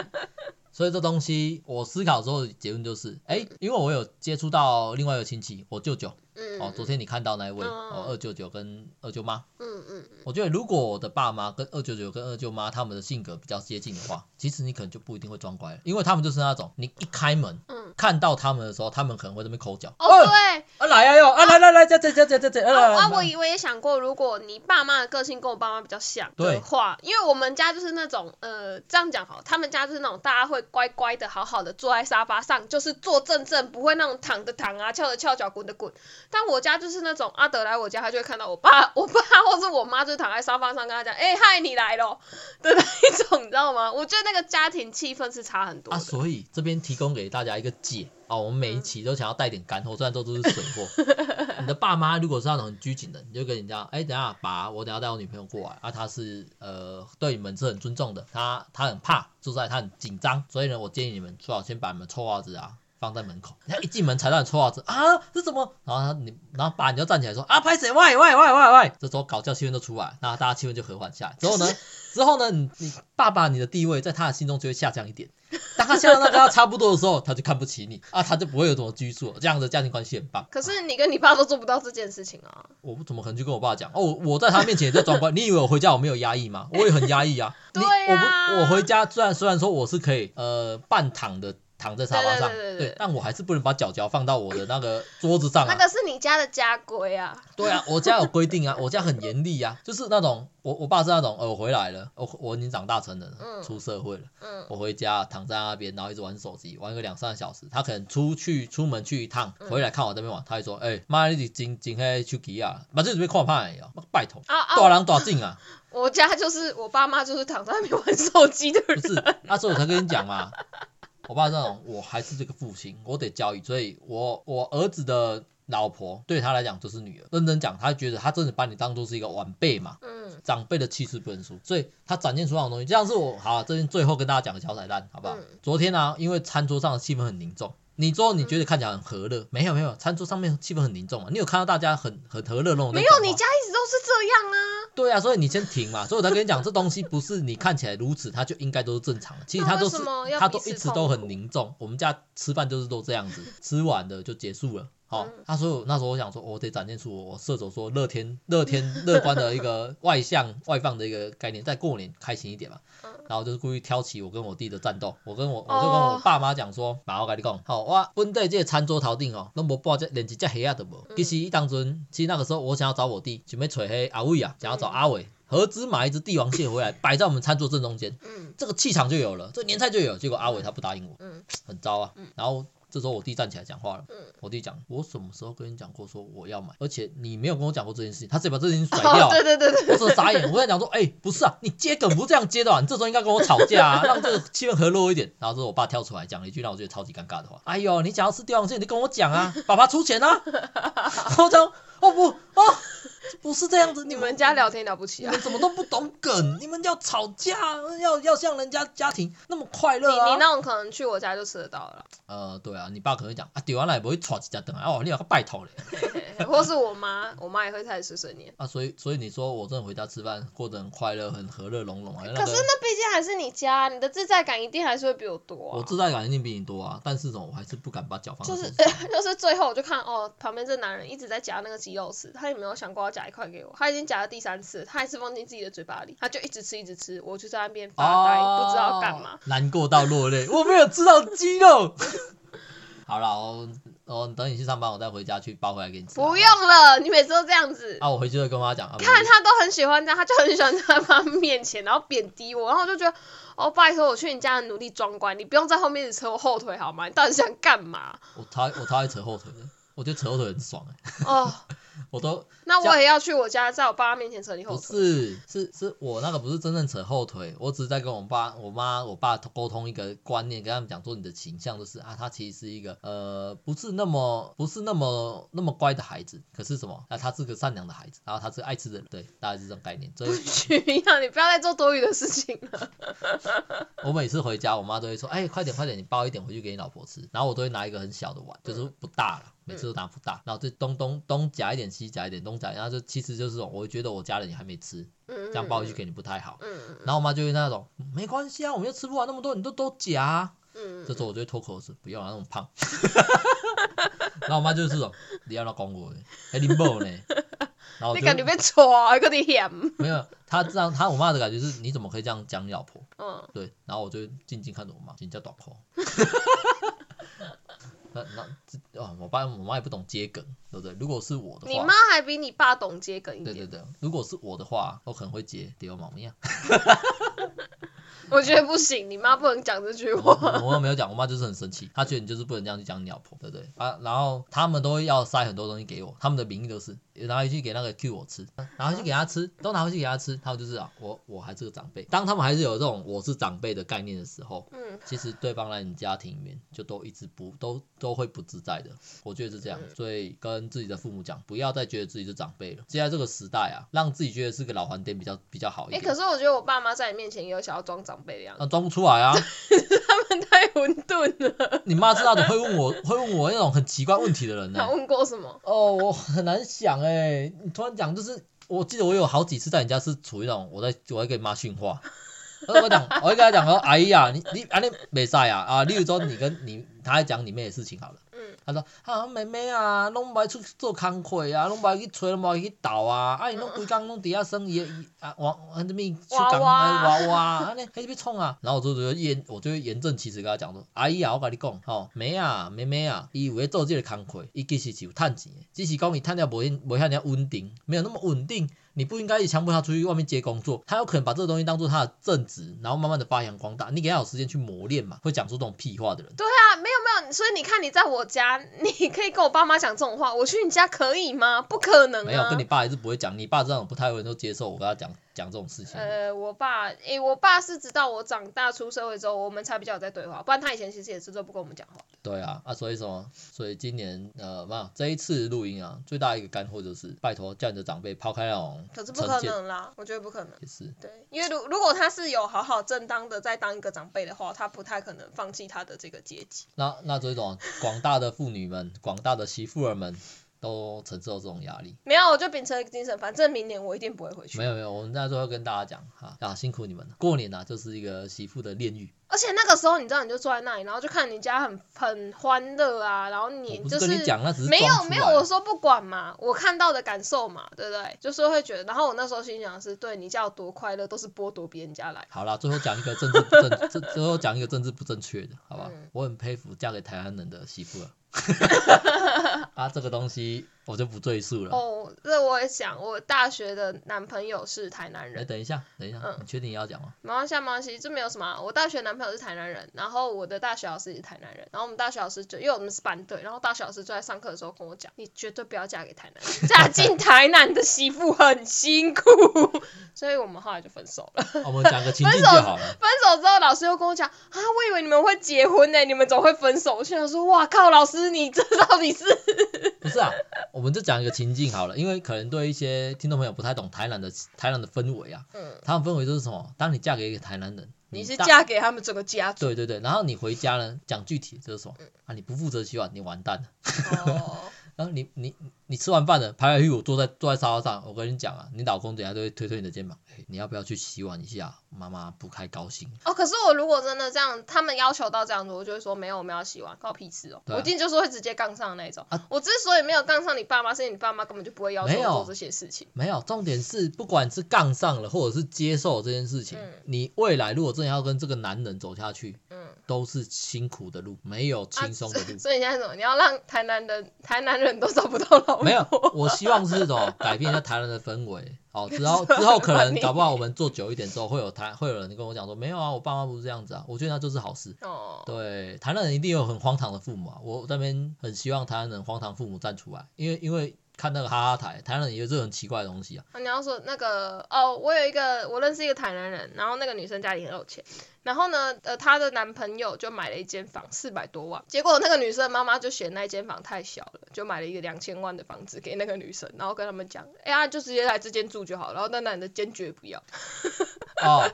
所以這東西，我思考之後的結論就是，哎，因為我有接觸到另外一個親戚，我舅舅。哦，昨天你看到那一位，嗯、哦，二舅舅跟二舅媽，嗯嗯，我覺得如果我的爸媽跟二舅舅跟二舅媽他們的性格比較接近的話，其實你可能就不一定會裝乖了，因為他們就是那種你一開門，嗯，看到他們的時候，他們可能會這邊摳腳，哦、欸、對，啊來呀、啊、喲，啊，啊來來來，這、啊、這這這這、啊啊啊啊啊，啊，我我以為也想過，如果你爸媽的個性跟我爸媽比較像的話，對，因為我們家就是那種，呃，這樣講哈，他們家就是那種大家會乖乖的好好的坐在沙發上，就是坐正正，不會那種躺着躺啊，翹着翹腳滾的滾。但我家就是那種阿德，啊、來我家，他就會看到我爸，我爸或是我媽就躺在沙發上跟他講，哎、欸、嗨，「你來咯！」的那一種，你知道嗎？我覺得那個家庭氣氛是差很多。啊，所以這邊提供給大家一個解啊，哦，我們每一期都想要帶點乾貨、嗯，雖然都都是水貨。 你的爸媽如果是那種很拘謹的，你就跟人家，哎、欸，等一下爸，我等一下帶我女朋友過來，啊，他是呃對你們是很尊重的，他他很怕住在他很緊張，所以呢，我建議你們最好先把你們臭襪子啊。放在門口，你要一進門才讓你抽襪子啊？這怎麼？然後你，然後爸你就站起來說啊，拍謝？餵餵餵餵餵！這時候搞笑氣氛都出來，那大家氣氛就和緩下來。之後呢？ 之後呢？你你爸爸你的地位在他的心中就會下降一點。當他下降到跟他差不多的時候， 他就看不起你啊，他就不會有什麼拘束。這樣的家庭關係很棒。可是你跟你爸都做不到這件事情啊！我不怎麼可能去跟我爸講哦，我在他面前也在裝乖。 你以為我回家我沒有壓抑嗎？我也很壓抑啊， 對啊。你，我我我回家雖然雖然說我是可以呃半躺的。躺在沙發上對對對對，對，但我還是不能把腳腳放到我的那個桌子上、啊。 那個是你家的家規啊？對啊，我家有規定啊， 我家很嚴厲啊，就是那種我我爸是那種、哦，我回來了，我我已經長大成人，了、嗯，出社會了，嗯，我回家躺在那邊，然後一直玩手機，玩個兩三小時，他可能出去出門去一趟，回來看我這邊玩，嗯、他就說，哎、欸、媽，你今今黑去幾啊？把這準備看怕了，拜、啊、托、啊，大人大種啊！ 我家就是我爸媽就是躺在那邊玩手機的人，不是那時候我才跟你講嘛。 我爸這種，我還是這個父親，我得教育，所以我，我我兒子的老婆對他來講就是女兒。認真講，他覺得他真的把你當做是一個晚輩嘛，長輩的氣勢不能輸，所以他展現出那種東西。這樣是我。好啊，這邊最後跟大家講的小彩蛋，好不好？嗯。昨天呢啊，因為餐桌上的氣氛很凝重。你說你覺得看起來很和樂，沒有沒有，餐桌上面氣氛很凝重啊！你有看到大家很很和樂那種？沒有，你家一直都是這樣啊。對啊，所以你先停嘛。所以我才跟你講， 這東西不是你看起來如此，它就應該都是正常的。其實它都是，它都一直都很凝重。我們家吃飯就是都這樣子，吃完的就結束了。 好、哦，他、嗯、說、啊、那時候我想說，我得展現出我射手座樂天樂天樂觀的一個外向 外放的一個概念，在過年開心一點嘛。然後就是故意挑起我跟我弟的戰鬥。我跟我我就跟我爸媽講說，爸、哦、我跟你講，好、哦，我分在這個餐桌頭頂哦，都不好只兩只只黑鴨的冇。其實一當中，其實那個時候我想要找我弟準備吹黑阿偉啊，想要找阿偉合資買一只帝王蟹回來擺 在我們餐桌正中間，嗯，這個氣場就有了，這個年菜就有。結果阿偉他不答應我，很糟啊。然後。這時候我弟站起來講話了，我弟講，我什麼時候跟你講過說我要買？而且你沒有跟我講過這件事情，他直接把這件事情甩掉。啊啊，對對對，我只是傻眼。我跟你講說，哎、欸，不是啊，你接梗不是這樣接的啊， 你這時候應該跟我吵架，啊，讓這個氣氛和樂一點，然後之後我爸跳出來講了一句讓我覺得超級尷尬的話，哎呦，你想要吃帝王蟹你就跟我講啊，爸爸出錢啊。 我講，哦不，啊。不是這樣子，你們家聊天了不起、啊，你怎麼都不懂梗， 你們要吵架，要要像人家家庭那麼快樂啊？你你那種可能去我家就吃得到了。呃，對啊，你爸可能會講啊，丟完奶不會吵一架等啊，哦，你要個拜託了，或是我媽， 我媽也會開始碎碎念。啊，所以所以你說我真的回家吃飯過得很快樂，很和樂融融。可是那畢竟還是你家，你的自在感一定還是會比我多、啊。我自在感一定比你多啊，但是呢，我還是不敢把腳放。就是、欸、就是最後我就看哦，旁邊這男人一直在夾那個雞肉吃，他有沒有想過？夾一塊給我，他已經夾了第三次，他還是放進自己的嘴巴裡，他就一直吃，一直吃。我就在那邊發呆、哦，不知道幹嘛。難過到落淚，我沒有吃到雞肉。 好了，我我等你去上班，我再回家去包回來給你吃。不用了，你每次都這樣子。啊，我回去就跟媽講。你看他都很喜歡這樣，他就很喜歡在媽面前，然後貶低我，然後我就覺得，哦，拜托，我去你家的努力裝乖，你不用在後面一直扯我後腿好嗎？你到底想幹嘛？我超我超愛扯後腿的，我覺得扯後腿很爽、欸、哦， 我都。那我也要去我家，在我爸媽面前扯你後腿。不是，是是，是我那個不是真正扯後腿，我只是在跟我爸、我媽、我爸溝通一個觀念，跟他們講說你的形象就是啊，他其實是一個呃，不是那麼、不是那麼、那麼乖的孩子。可是什麼？啊，他是個善良的孩子，然後他是愛吃的，對，大概是這種概念。所以啊！ 你不要再做多餘的事情了 我每次回家，我媽都會說：“哎、欸，快點，快點，你包一點回去給你老婆吃。”然後我都會拿一個很小的碗，就是不大了，嗯、每次都拿不大，然後這東東東夾一點，西夾一點東。 然後就其實就是，我覺得我家人也還沒吃，這樣包回去給你不太好。然後我媽就會那種，沒關係啊，我們又吃不完那麼多，你都都夾、啊嗯。這時候我就會脫口子，不要、啊，那種胖。 然後我媽就是這種，你要那講我，還拎不呢？然後覺你沒錯，還擱 沒有，他這樣他我媽的感覺是，你怎麼可以這樣講你老婆，嗯？對，然後我就靜靜看着我媽，人家短褲。 那那哦，我爸我媽也不懂接梗，對不對？如果是我的話，你媽還比你爸懂接梗一點。對對對，如果是我的話，我可能會接爹媽模樣。 我覺得不行，你媽不能講這句話。我，我沒有講，我媽就是很生氣，她覺得你就是不能這樣去講你老婆，對不對？啊，然後他們都會要塞很多東西給我，他們的名義都、就是拿回去給那個 Q 我吃，拿回去給他吃，都拿回去給他吃。他們就是啊，我我還是個長輩，當他們還是有這種我是長輩的概念的時候，嗯，其實對方來你家庭裡面就都一直不都都會不自在的。我覺得是這樣、嗯，所以跟自己的父母講，不要再覺得自己是長輩了。現在這個時代啊，讓自己覺得是個老環顛比較比較好一點、欸。可是我覺得我爸媽在你面前也有想要裝長。那裝不出來啊！他們太混沌了。你媽知道的會問我會問我那種很奇怪問題的人呢？他問過什麼？哦，我很難想哎、欸。你突然講就是，我記得我有好幾次在你家是處於那種我在我在，我在給媽訓話，我講，我跟他講，說哎呀，你你啊你沒在啊啊！例如說你跟你，他講裡面的事情好了。啊！都啊！妹妹啊，攏無愛出去做工課啊，攏無愛去找，無愛去鬥啊。啊！伊攏規工攏佇遐耍伊的，啊玩玩、啊啊、什麼出工來玩玩，安尼，嘿，要創啊？哇哇哇哇啊 然後我就就嚴，我就嚴正其辭甲伊講說：“阿姨啊，我甲你講，吼、哦，妹啊，妹妹啊，伊有去做即個工課，伊其實是有趁錢的，只是講伊趁了無因，無遐爾穩定，沒有那麼穩定。”你不應該一直強迫他出去外面接工作，他有可能把這個東西當做他的正職，然後慢慢的發揚光大。你給他有時間去磨練嘛，會講出這種屁話的人。對啊，沒有沒有，所以你看你在我家，你可以跟我爸媽講這種話，我去你家可以嗎？不可能啊。沒有跟你爸也是不會講，你爸這種不太會接受我跟他講。講這種事情。呃，我爸，哎、欸，我爸是直到我長大出社會之後，我們才比較有在對話，不然他以前其實也是都不跟我們講話。對啊，啊，所以說，所以今年，呃，媽，這一次錄音啊，最大一個乾貨就是，拜託叫你的長輩拋開那種。可是不可能啦，我覺得不可能。也是。對。因為如如果他是有好好正當的在當一個長輩的話，他不太可能放棄他的這個階級。那那這種廣大的婦女們，廣 大的媳婦兒們。都承受這種壓力，沒有我就秉承一個精神，反正明年我一定不會回去。沒有沒有，我們在最後要跟大家講哈，啊,啊辛苦你們了，過年呢、啊，就是一個媳婦的煉獄。而且那個時候，你知道你就坐在那裡，然後就看你家很很歡樂啊，然後你就是沒有沒有，沒有我說不管嘛，我看到的感受嘛，對不對？就是會覺得，然後我那時候心想是，對你家有多快樂，都是剝奪別人家來。好啦，最後講一個政治不正， 最後講一個政治不正確的，好吧？嗯。我很佩服嫁給台灣人的媳婦了。 啊，這個東西。我就不贅述了。哦、oh，那我也想，我大學的男朋友是台南人。欸、等一下，等一下，嗯、你確定要講嗎？沒關係，沒關係，這沒有什麼、啊。我大學男朋友是台南人，然後我的大學老師也是台南人，然後我們大學老師就因為我們是班對，然後大學老師就在上課的時候跟我講，你絕對不要嫁給台南人，嫁進台南的媳婦很辛苦。 所以我們後來就分手了。我們講個 分手，分手之後，老師又跟我講，啊，我以為你們會結婚呢，你們總會分手。我心想說，哇靠，老師你這到底是？不是啊。 我們就講一個情境好了，因為可能對一些聽眾朋友不太懂台南的台南的氛圍啊，台、嗯、灣氛圍就是什麼？當你嫁給一個台南人，你，你是嫁給他們這個家族。對對對，然後你回家呢，講具體就是什麼？嗯、啊，你不負責洗碗，你完蛋了。哦 啊、你你你吃完飯了，排排屁股坐在坐在沙發上。我跟你講啊，你老公等一下就會推推你的肩膀，欸，你要不要去洗碗一下？媽媽不開高興。哦，可是我如果真的這樣，他們要求到這樣子，我就會說沒有，我們要洗碗，搞屁事哦，啊！我今天就是會直接槓上的那種。啊。我之所以沒有槓上你爸媽，是因為你爸媽根本就不會要求我做這些事情。沒有，沒有重點是，不管是槓上了，或者是接受這件事情，嗯，你未來如果真的要跟這個男人走下去。嗯都是辛苦的路，沒有輕鬆的路。啊、所以你現在什麼？你要讓台南的台南人都找不到老婆？沒有，我希望是這種改變一下台南的氛圍。 哦，之後之後可能 搞不好我們做久一點之後，會有台會有人跟我講說，沒有啊，我爸媽不是這樣子啊。我覺得那就是好事。哦、對，台南人一定有很荒唐的父母啊！我在那邊很希望台南人荒唐父母站出來，因為因為。看那個哈哈台，台上也有這種奇怪的東西啊。啊你要說那個哦，我有一個，我認識一個台南人，然後那個女生家裡很有錢，然後呢，呃，她的男朋友就買了一間房，四百多萬，結果那個女生媽媽就嫌那間房太小了，就買了一個兩千萬的房子給那個女生，然後跟他們講，哎呀，就直接來這間住就好，然後那男的堅決不要。哦，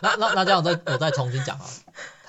那那那這樣，我再我再重新講啊。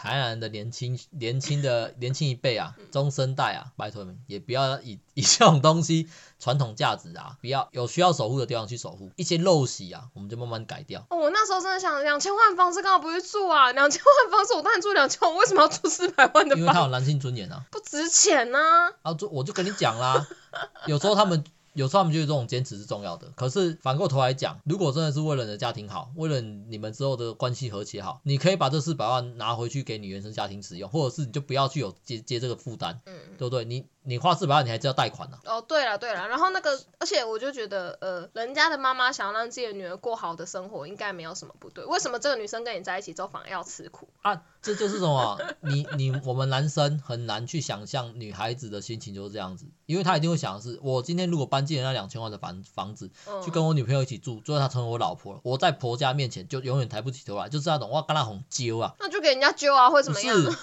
台南的年輕、年輕的年輕一輩啊， 中生代啊，拜託你們也不要以以這種東西傳統價值啊，不要有需要守護的地方去守護一些陋習啊，我們就慢慢改掉。哦，我那時候真的想，兩千萬房子，幹嘛不去住啊？兩千萬房子我當然住兩千萬，我為什麼要住四百萬的？因為他有男性尊嚴啊，不值錢吶。啊，啊，就我就跟你講啦， 有時候他們。有時候我們覺得這種堅持是重要的，可是反過頭來講，如果真的是為了你的家庭好，為了你們之後的關係和諧好，你可以把這四百萬拿回去給你原生家庭使用，或者是你就不要去有接接這個負擔、嗯，對不對？你你花四百萬，你還是要貸款呢、啊嗯？哦，對了對了，然後那個，而且我就覺得，呃，人家的媽媽想要讓自己的女兒過好的生活，應該沒有什麼不對。為什麼這個女生跟你在一起之後反而要吃苦啊？ 這就是什麼啊？你你我們男生很難去想象女孩子的心情就是這樣子，因為他一定會想的是，我今天如果搬進了那兩千萬的房房子、嗯，去跟我女朋友一起住，最後她成為我老婆了，我在婆家面前就永遠抬不起頭來，就是那種哇，跟她紅揪啊，那就給人家揪啊，或者怎麼樣？是，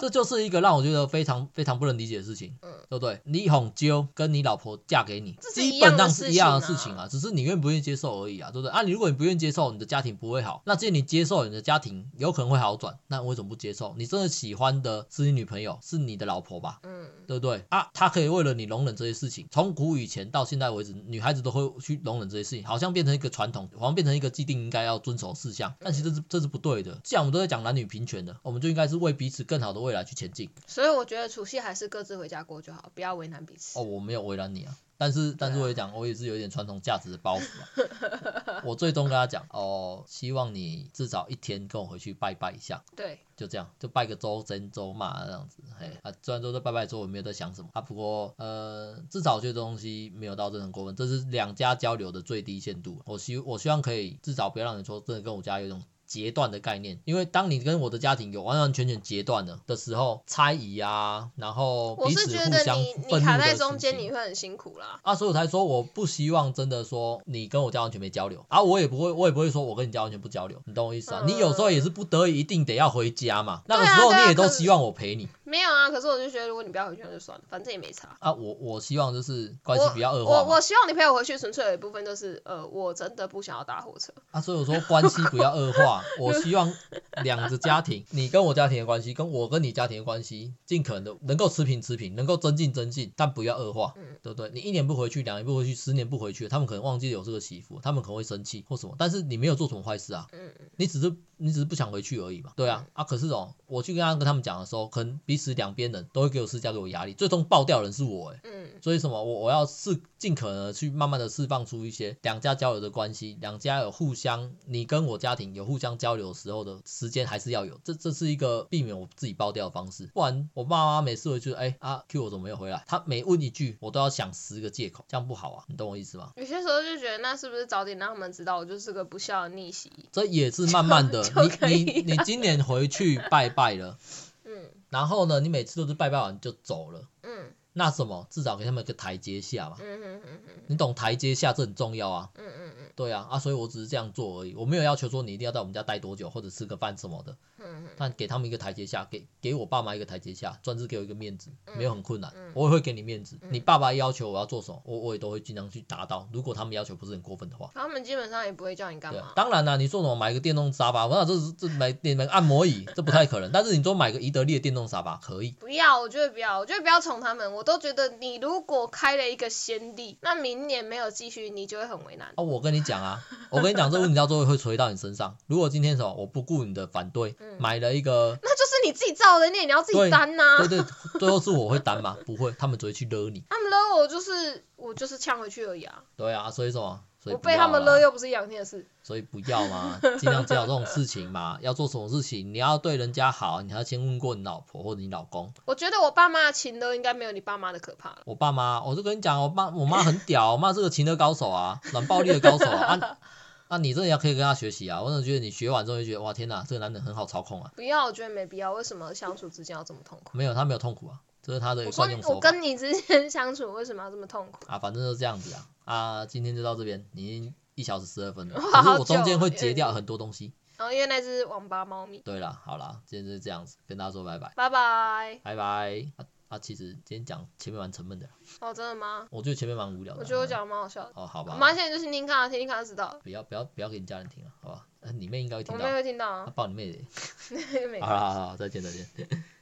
這就是一個讓我覺得非常非常不能理解的事情。對不對？你哄嬌跟你老婆嫁給你，啊，基本上是一樣的事情啊，只是你願不願意接受而已啊，對不對？啊，你如果你不願意接受，你的家庭不會好；那既然你接受，你的家庭有可能會好轉，那為什麼不接受？你真的喜歡的是你女朋友，是你的老婆吧？嗯，對不對？啊，她可以為了你容忍這些事情，從古以前到現在為止，女孩子都會去容忍這些事情，好像變成一個傳統，好像變成一個既定應該要遵守事項，嗯，但其實這是這是不對的。既然我們都在講男女平權的，我們就應該是為彼此更好的未來去前進。所以我覺得除夕還是各自回家過去就好，不要為難彼此哦，我沒有為難你啊，但是但是我也講、啊，我也是有一點傳統價值的包袱嘛 我最終跟他講哦，希望你至少一天跟我回去拜拜一下，對，就這樣，就拜個周真周嘛。這樣子，嘿啊，雖然說在拜拜之後我沒有在想什麼啊，不過呃至少這些東西沒有到這種過分，這是兩家交流的最低限度。我希我希望可以至少不要讓你說真的跟我家有一種。截斷的概念，因為當你跟我的家庭有完完全全截斷了的時候，猜疑啊，然後彼此互相，我是覺得你，你卡在中間，你會很辛苦啦。啊，所以我才說我不希望真的說你跟我家完全沒交流啊，我也不會，我也不會說我跟你家完全不交流，你懂我意思啊？嗯、你有時候也是不得已，一定得要回家嘛，那個時候你也都希望我陪你。對啊對啊，沒有啊，可是我就覺得如果你不要回去那就算了，反正也沒差。啊，我我希望就是關係不要惡化。我我，我希望你陪我回去，純粹有一部分就是呃，我真的不想要搭火車。啊，所以我說關係不要惡化。 我希望兩個家庭，你跟我家庭的關係，跟我跟你家庭的關係，盡可能的能夠持平持平，能夠增進增進，但不要惡化。對不對？你一年不回去，兩年不回去，十年不回去，他們可能忘記有這個媳婦，他們可能會生氣或什麼。但是你沒有做什麼壞事啊，你只是你只是不想回去而已嘛。對啊，啊可是哦，我去跟他跟他們講的時候，可能彼此兩邊人都會給我施加給我壓力，最終爆掉的人是我哎。嗯，所以什麼我我要是盡可能去慢慢的釋放出一些兩家交流的關係，兩家有互相，你跟我家庭有互相。交流時候的時間還是要有，這這是一個避免我自己爆掉的方式，不然我爸媽每次回去，哎啊，Q 我怎麼沒有回來？他每問一句，我都要想十個借口，這樣不好啊，你懂我意思嗎？有些時候就覺得，那是不是早點讓他們知道我就是個不孝的逆襲？這也是慢慢的， 你你你今年回去拜拜了， 嗯，然後呢，你每次都是拜拜完就走了，嗯，那什麼，至少給他們一個台階下嘛，嗯嗯嗯嗯，你懂台階下這很重要啊，嗯嗯。對啊，啊，所以我只是這樣做而已，我沒有要求說你一定要在我們家待多久，或者吃個飯什麼的。嗯嗯。但給他們一個台階下，給給我爸媽一個台階下，算是給我一個面子，沒有很困難。嗯、我也會給你面子、嗯。你爸爸要求我要做什麼，我我也都會盡量去達到。如果他們要求不是很過分的話。他們基本上也不會叫你幹嘛。當然啦、啊，你說什麼買個電動沙發，我想這是這，這買，買個按摩椅，這不太可能。 但是你說買個宜得利的電動沙發可以。不要，我覺得不要，我覺得不要寵他們。我都覺得你如果開了一個先例，那明年沒有繼續，你就會很為難。哦、啊，我跟你講 啊，我跟你講，這個問題到最後會垂到你身上。如果今天什麼，我不顧你的反對、嗯，買了一個，那就是你自己造的孽，你，你要自己擔吶、啊。對對，對對，最後是我會擔嘛， 不會，他們只會去惹你。他們惹我就是我就是嗆回去而已啊。對啊，所以說。我被他們勒又不是一兩天的事，所以不要嘛，盡量減少這種事情嘛。 要做什麼事情，你要對人家好，你還要先問過你老婆或者你老公。我覺得我爸媽的情勒應該沒有你爸媽的可怕。我爸媽，我就跟你講，我爸我媽很屌，我媽是個情勒高手啊，軟暴力的高手啊。啊，啊你真的要可以跟他學習啊，我真的覺得你學完之後就覺得，哇，天哪，這個男人很好操控啊。不要，我覺得沒必要，為什麼相處之間要這麼痛苦？沒有，他沒有痛苦啊，這、就是他的慣用手法，我跟你之間相處為什麼要這麼痛苦？啊，反正就是這樣子啊。啊，今天就到這邊，你已經一小時十二分了,了。可是我中間會截掉很多東西。然後、哦、因為那只網吧貓咪。對啦，好啦，今天就是這樣子，跟大家說拜拜。拜拜。拜拜。啊啊，其實今天講前面蠻沉悶的。哦、oh,，真的嗎？我覺得前面蠻無聊的。我覺得我講的蠻好笑的。哦，好吧。我媽現在就是聽聽看了,聽聽看就知道。不要不要不要給你家人聽了，好吧？啊、你妹應該會聽到。我妹會聽到、啊啊。抱你妹 好。好好好，再見再見。